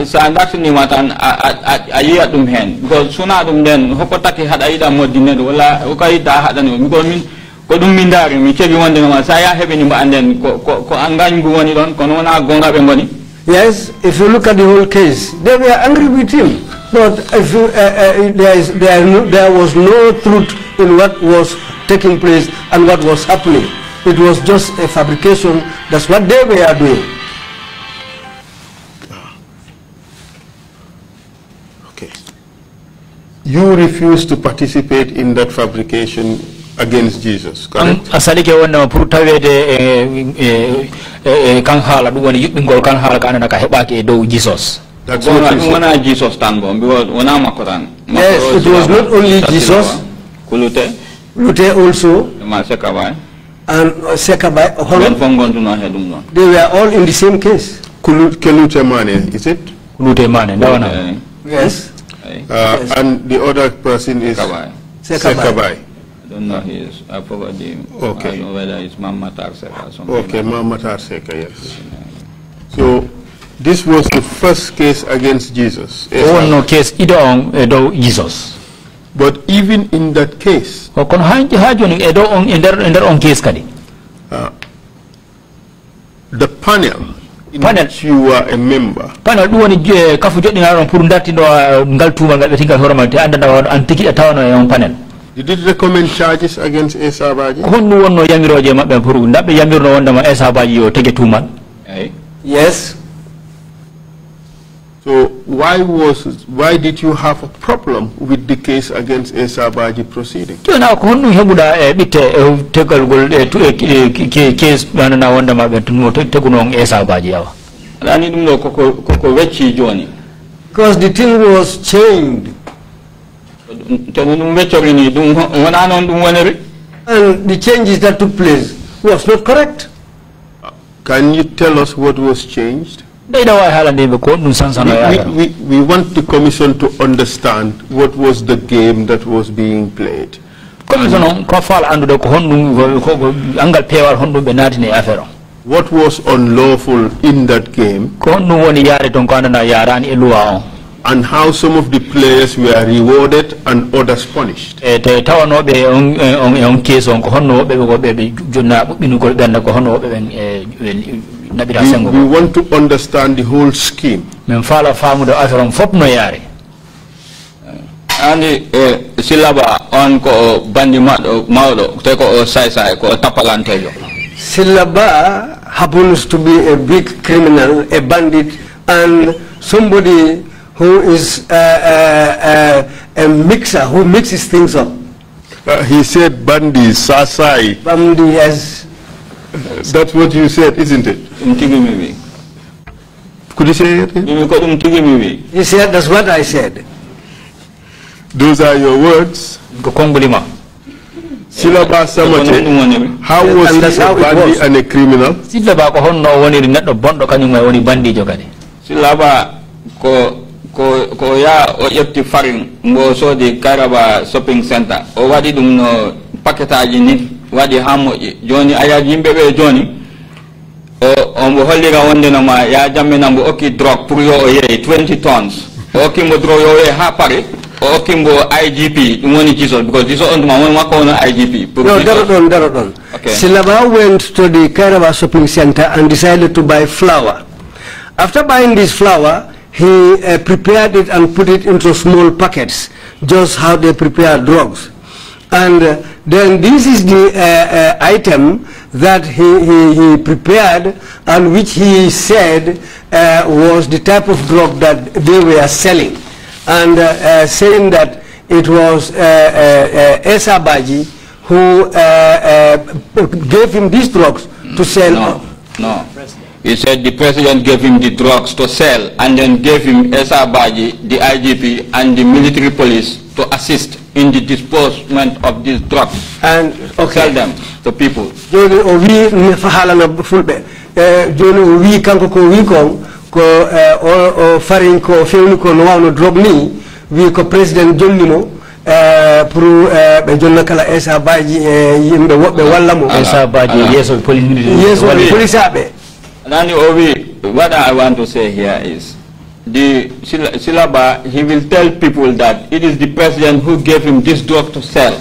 sa because min ko mi anden ko woni kono yes if you look at the whole case they were angry with him but if you, uh, uh, there, is, there was no truth in what was taking place and what was happening it was just a fabrication. That's what they were doing. Ah. Okay. You refuse to participate in that fabrication against Jesus, correct? jesus That's what said. Jesus because Yes, it was not only Jesus. Kulute. Lute also. Um, and Holland, they were all in the same case. Kulute Mane, is it? Kulute Mane, no, no. Yes. Uh, yes. And the other person is Sekabai. Sekabai. I don't know his. I forgot the Okay. I don't know whether it's Mama Tarseka or something. Okay, Mama Tarseka, yes. So this was the first case against Jesus. Yes, oh, no case either on uh, Jesus. But even in that case, ko oh, kono hanki ha joni e dow on e nder e nder on case kadi uh, the panel in panel which you are a member panel ɗum woni kafu joɗɗinaɗon pour dartiɗo uh, ngal tuumal ngal ɓetingal hoore ma te anndana an panel Did it recommend charges against Esa Baji? Honnu wonno yamiroje mabɓe pour ndaɓɓe yamirno wondema Esa Baji yo tege tuumal. Yes. So why was why did you have a problem with the case against Esabaji proceeding? Tuna kunu hebuda eh, bite eh, tegal gol eh, case banana wanda mabetu no tegunong Esabaji yawa. Lani dumno koko koko wechi joni. Because the thing was changed. Tegunum wechori ni dum wana non dum waneri. And the changes that took place was not correct. Can you tell us what was changed? we, we, we want the commission to understand what was the game that was being played. What was unlawful in that game? and how some of the players were rewarded and others punished we, we want to understand the whole scheme min faala faamude atoron fof no yaari eh, andi e eh, sillaba on ko bandi maɗo mawɗo te ko say say ko tappalantejo sillaba happens to be a big criminal a bandit and somebody who is uh, uh, uh, a mixer who mixes things up uh, he said bandi sasai bandi yes That's what you said, isn't it? Could you say it? Again? You said that's what I said. Those are your words. Silaba Samate, how was he a bandit and a criminal? Silaba ko honno woni neɗɗo bonɗo kañum e woni bandijo kadi. Silaba ko ko ko ya o ƴetti farin mbo soodi Karaba shopping center o waɗi ɗum no paquet aji ni waɗi ha moƴƴi joni a yaji yimɓe ɓe joni omo hollira wondenoma ya jammina mbo okki drogue pour yo o yeey 20 tonnes o mo drug yo yeey ha paari o okkimbo igp ɗum woni jiso because jiso on tuma woni makko wono igp pour no daro ɗon daro ɗon silaba went to the kairaba shopping center and decided to buy flour after buying this flour he uh, prepared it and put it into small packets just how they prepare drugs and uh, then this is the uh, uh, item that he, he, he, prepared and which he said uh, was the type of drug that they were selling. And saying that it was Esabaji who gave him these drugs to sell. No, no. He said the president gave him the drugs to sell and then gave him Esabaji, the IGP, and the military police to assist in the disbursement of these drugs. And okay. sell them to people. Joni o oh, wi eh, oh, kanko ko wi ko eh, o farin ko fewni ko no wawno drog ni wi ko président jollino eh, pour jonna kala esa e walla mo esa police o wi oh, what i want to say here is the syllaba, he will tell people that it is the president who gave him this drug to sell.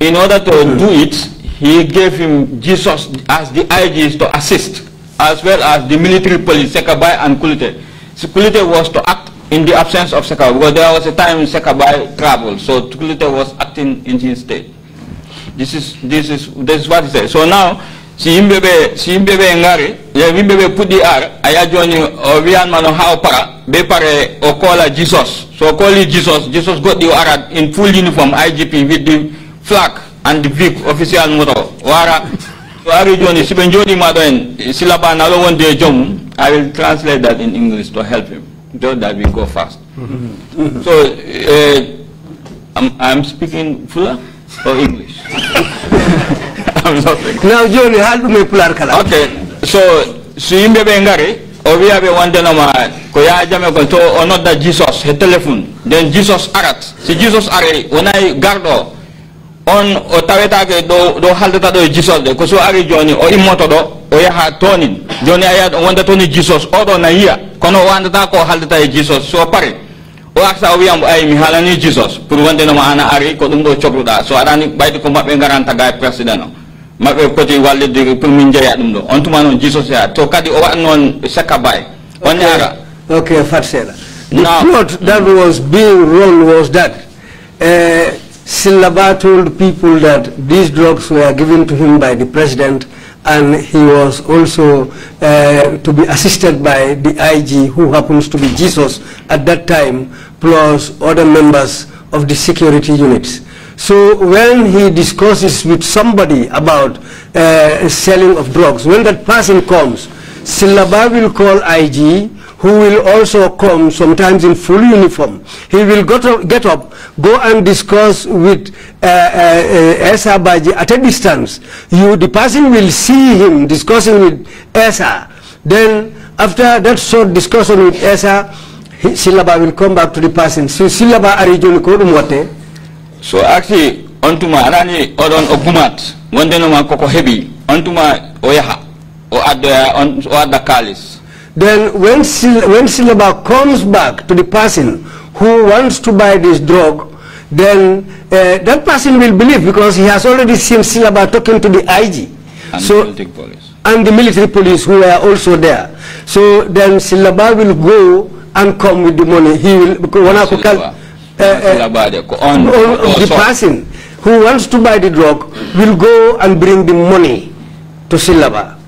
In order to do it, he gave him Jesus as the IGs to assist, as well as the military police, Sekabai and Kulite. So Kulite was to act in the absence of Sekabai, because there was a time Sekabai traveled, so Kulite was acting in his state. This is, this is, this is what he said. So now, si Imbebe, si imbebe ngari yo imbebe ɓe ar ayajoni ovian o wiyanmano ha para ɓe pare o koola jesus so kooli jesus jesus got the arad in full uniform igp with the flag and the vic official muro o ara so ari joni siɓe jooɗima ɗo en silaba lo one day, joomum i will translate that in english to help him so that we go fast so uh, I'm, i'm speaking fula or english now joni haalɗume pular kala ok so so yimɓe bengari, ngari o wiya ɓe wandenoma ko yaa jame kon to o nodda jesus he téléphone nden jesus arat si jesus ari wonayi garɗo on o tawetake do, ɗo haldata ɗo e jesus de ko so ari joni o immoto ɗo o yaha tonin joni a yiyat o wonda toon e jesus oɗo na yiya kono o wandata ko o haldata e jesus so pari o arta o wiyamo ay mi haalani jesus pour wondenoma ana ari ko ɗum ɗo cohluɗa so aɗani ɓayde ko mabɓe garanta ga e président maɓɓe pour min on tuma to kadi o on ok fat the plot that was being rolled was that uh, eh, Silaba told people that these drugs were given to him by the president and he was also uh, to be assisted by the IG who happens to be Jesus at that time plus other members of the security units. So when he discusses with somebody about uh, selling of drugs, when that person comes, Syllaba will call IG, who will also come sometimes in full uniform. He will get up, get up go and discuss with uh, uh, Esa Baji at a distance. You, the person will see him discussing with Esa. Then after that short discussion with Esa, Syllaba will come back to the person. So Syllaba Arijun Kodumwate, so actually, aki ontuma anani oɗon o gumat gondenoma koko heeɓi ontuma o yaha o or o adda kalis then when, sil when Silaba comes back to the person who wants to buy this drug then uh, that person will believe because he has already seen Silaba talking to the IG and so the police. and the military police who are also there so then Silaba will go and come with the money he will because when I the eh, eh, person oh, who wants to buy the drug will go and bring the money to Silaba.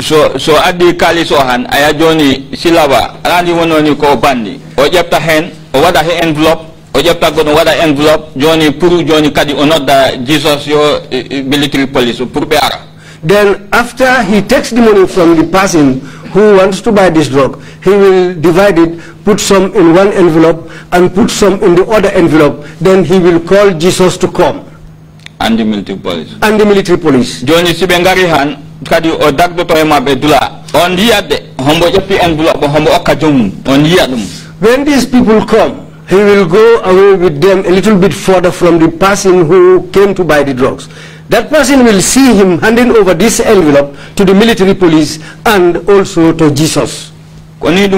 So so adi kali sohan aya joni Silaba alani wono ni ko bandi o jepta hen o wada he envelope o jepta gono wada envelope joni puru joni kadi o nodda Jesus yo eh, military police pour be ara. Then after he takes the money from the person who wants to buy this drug, he will divide it, put some in one envelope and put some in the other envelope. Then he will call Jesus to come. And the military police. And the military police. Johnny Sibengarihan, kadi odak do toy On de hombo jepi envelope hombo okajum. On dum. When these people come, he will go away with them a little bit further from the person who came to buy the drugs that person will see him handing over this envelope to the military police and also to Jesus. This is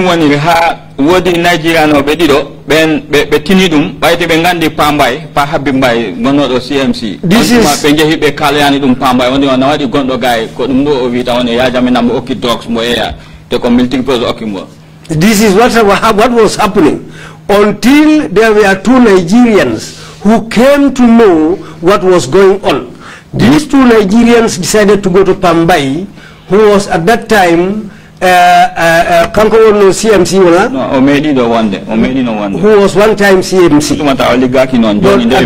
what, was happening until there were two Nigerians who came to know what was going on. These two Nigerians decided to go to Pambai, who was at that time uh, uh, uh, Kanko no CMC No, Omedi one day. Omedi no one day. Who was one time CMC. But at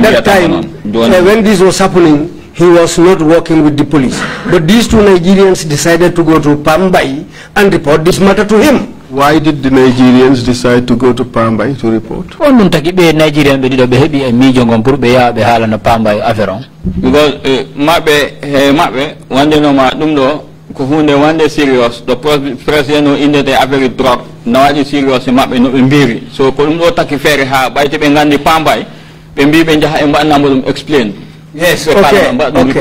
that time, uh, when this was happening, he was not working with the police. But these two Nigerians decided to go to Pambai and report this matter to him. Why did the Nigerians decide to go to Pambay to report? On ɗum taki Nigerian ɓe ɗiɗo ɓe heɓi e miijo ngon pour ɓe yaha ɓe haalana Pambay affaire on. Because maɓɓe he uh, maɓɓe wandenoma uh, ɗum ɗo wande serious The président o indete affaire drogue no waɗi serious e maɓɓe no mbiri so ko ɗum ɗo taki feere ha ɓayte ɓe gandi Pambay ɓe mbi ɓe jaha e mbaɗanamo ɗum explain. Yes, okay. okay.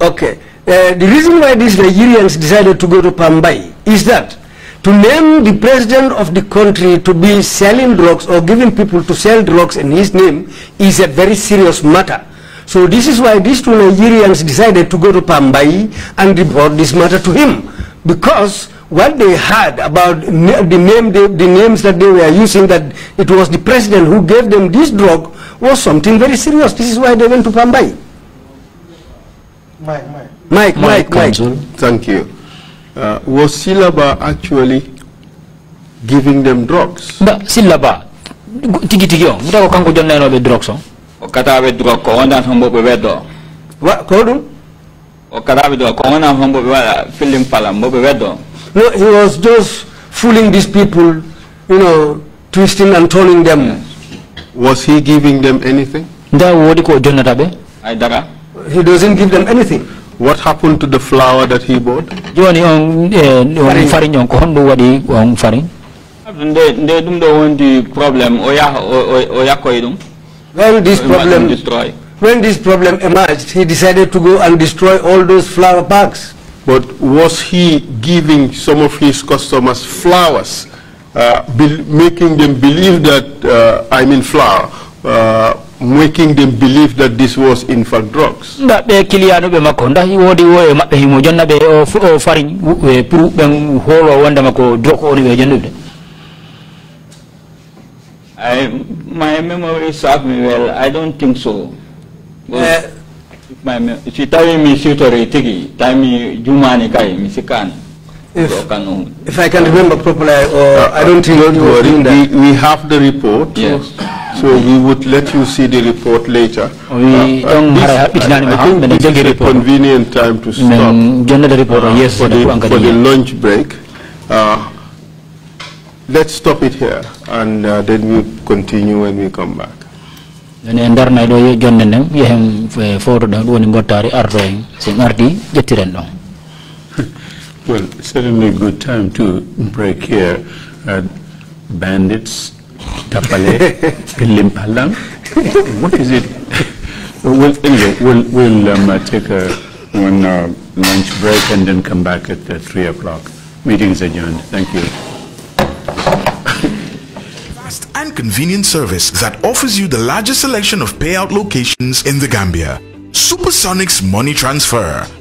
okay. Uh, the reason why these Nigerians decided to go to Pambay is that to name the president of the country to be selling drugs or giving people to sell drugs in his name is a very serious matter. So this is why these two Nigerians decided to go to Pambai and report this matter to him. Because what they heard about the, name, the, the names that they were using, that it was the president who gave them this drug, was something very serious. This is why they went to Pambai. Mike, Mike. Mike, Mike, Mike. Thank you uh, was Silaba actually giving them drugs? But Silaba, tiki tiki on, muda kango jana no be drugs on. O kata be drugs ko onda humbo be wedo. What kodum? O kata be drugs ko onda humbo be wala film pala mbo be wedo. No, he was just fooling these people, you know, twisting and turning them. Yes. Was he giving them anything? Nda wodi ko jonna tabe? Aidara. He doesn't give them anything. What happened to the flour that he bought? Joni on on When this problem destroy. When this problem emerged, he decided to go and destroy all those flower bags. But was he giving some of his customers flowers, uh, making them believe that uh, I mean flour? Uh, making them believe that this was in fact drugs eh, be eh, eh, wodi be I, my memory serves me well. I don't think so. Well, uh, my, si tawi mi siwtori tiki tawi me jumani kay, mi sikani if, if I can remember properly, or uh, I don't think don't worry, we, we have the report. Yes. So we would let you see the report later. We uh, don't have uh, this, I, a convenient time to stop uh, yes, for, the, for the lunch break. Uh, let's stop it here, and uh, then we'll continue when we come back. Well, certainly a good time to break here. Uh, bandits, Tapale, Pilimpalam. What is it? well, anyway, we'll, we'll um, uh, take a one uh, lunch break and then come back at uh, 3 o'clock. Meeting's adjourned. Thank you. Fast and convenient service that offers you the largest selection of payout locations in the Gambia. Supersonics Money Transfer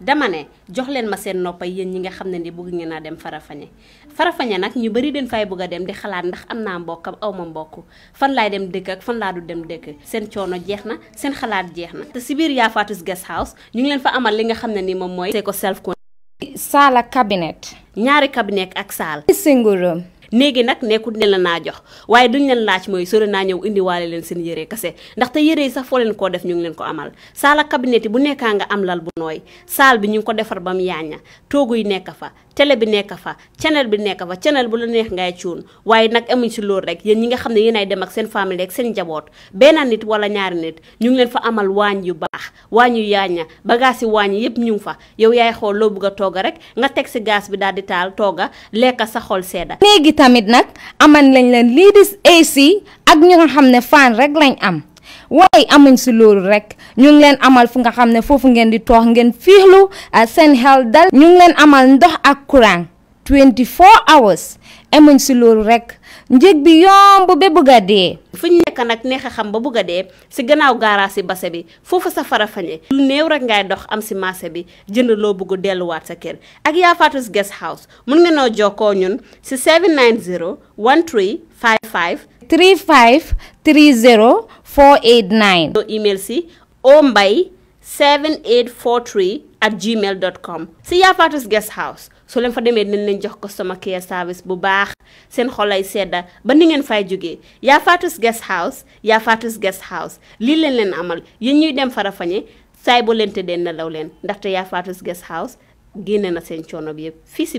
dama ne jox leen ma seen noppa yéen ñi nga xam ne ni bëgg ngeen a dem Farafeñe Farafeñe nag ñu bari leen fay bëgg a dem di xalaat ndax am naa mbokk am aw ma mbokk fan laay dem dëkk ak fan laa du dem dëkk seen coono jeex na seen xalaat jeex na te si biir Yaa Fatou Guest House ñu ngi leen fa amal li nga xam ne ni moom mooy c'est ko self saala cabinet ñaari cabinet ak saal néegi nag nekkul ne la naa jox waaye duñ leen laaj mooy sore naa ñëw indiwaale leen seen yére kese ndaxte yére yi sax foo leen koo def ñu ngi leen ko amal saala cabinet bu nekkaa nga am lal bu nooy saal bi ñu ngi ko defar ba mu yaaña toogu yi nekk fa télé bi nekk fa channel bi nekk fa channel bu la neex ngay cuun waaye nag amuñ si loolu rek yéen ñi nga xam ne yéen ay dem ak seen famille ak benn nit wala ñaari nit ñu ngi leen fa amal waañ yu baax waañ yu yaaña bagaas yi waañ yëpp ñu ngi fa yow yaay xool loo bëgg a togg rek nga teg si gaz bi daal di taal togga lekka sa xol sedda tamit nag amal lañ leen lii di AC ak ñu nga xam ne fan rek lañ am waaye amuñ si loolu rek ñu ngi leen amal fu nga xam ne foofu ngeen di toox ngeen fiixlu ah, seen xel dal ñu ngi leen amal ndox ak courant 24 hours amuñ si loolu rek njëg bi yomb ba bugg a dee. fu ñu nag neex a xam ba bugg a dee si gannaaw gaaraas si base bi foofu safara fara fañe lu néew rek ngay dox am si marché bi jënd loo bugg delluwaat sa kër ak Yaa Fatou Guest House mun nga noo jokkoo ñun si 790 13 55. 35 30 489. doo email si ombay 7843 at gmail dot com ci Yaa Fatou Guest House. su leen fa demee dinañ leen jox ko sama care service bu baax seen xolay sedda ba ni ngeen fay jógee yaa faatus guest house yaa faatus guest house lii leen leen amal yéen ñuy dem Farafenni saay boo leen tëddee nelaw leen ndaxte yaa faatus guest house génne na seen coono bi yëpp fii si biir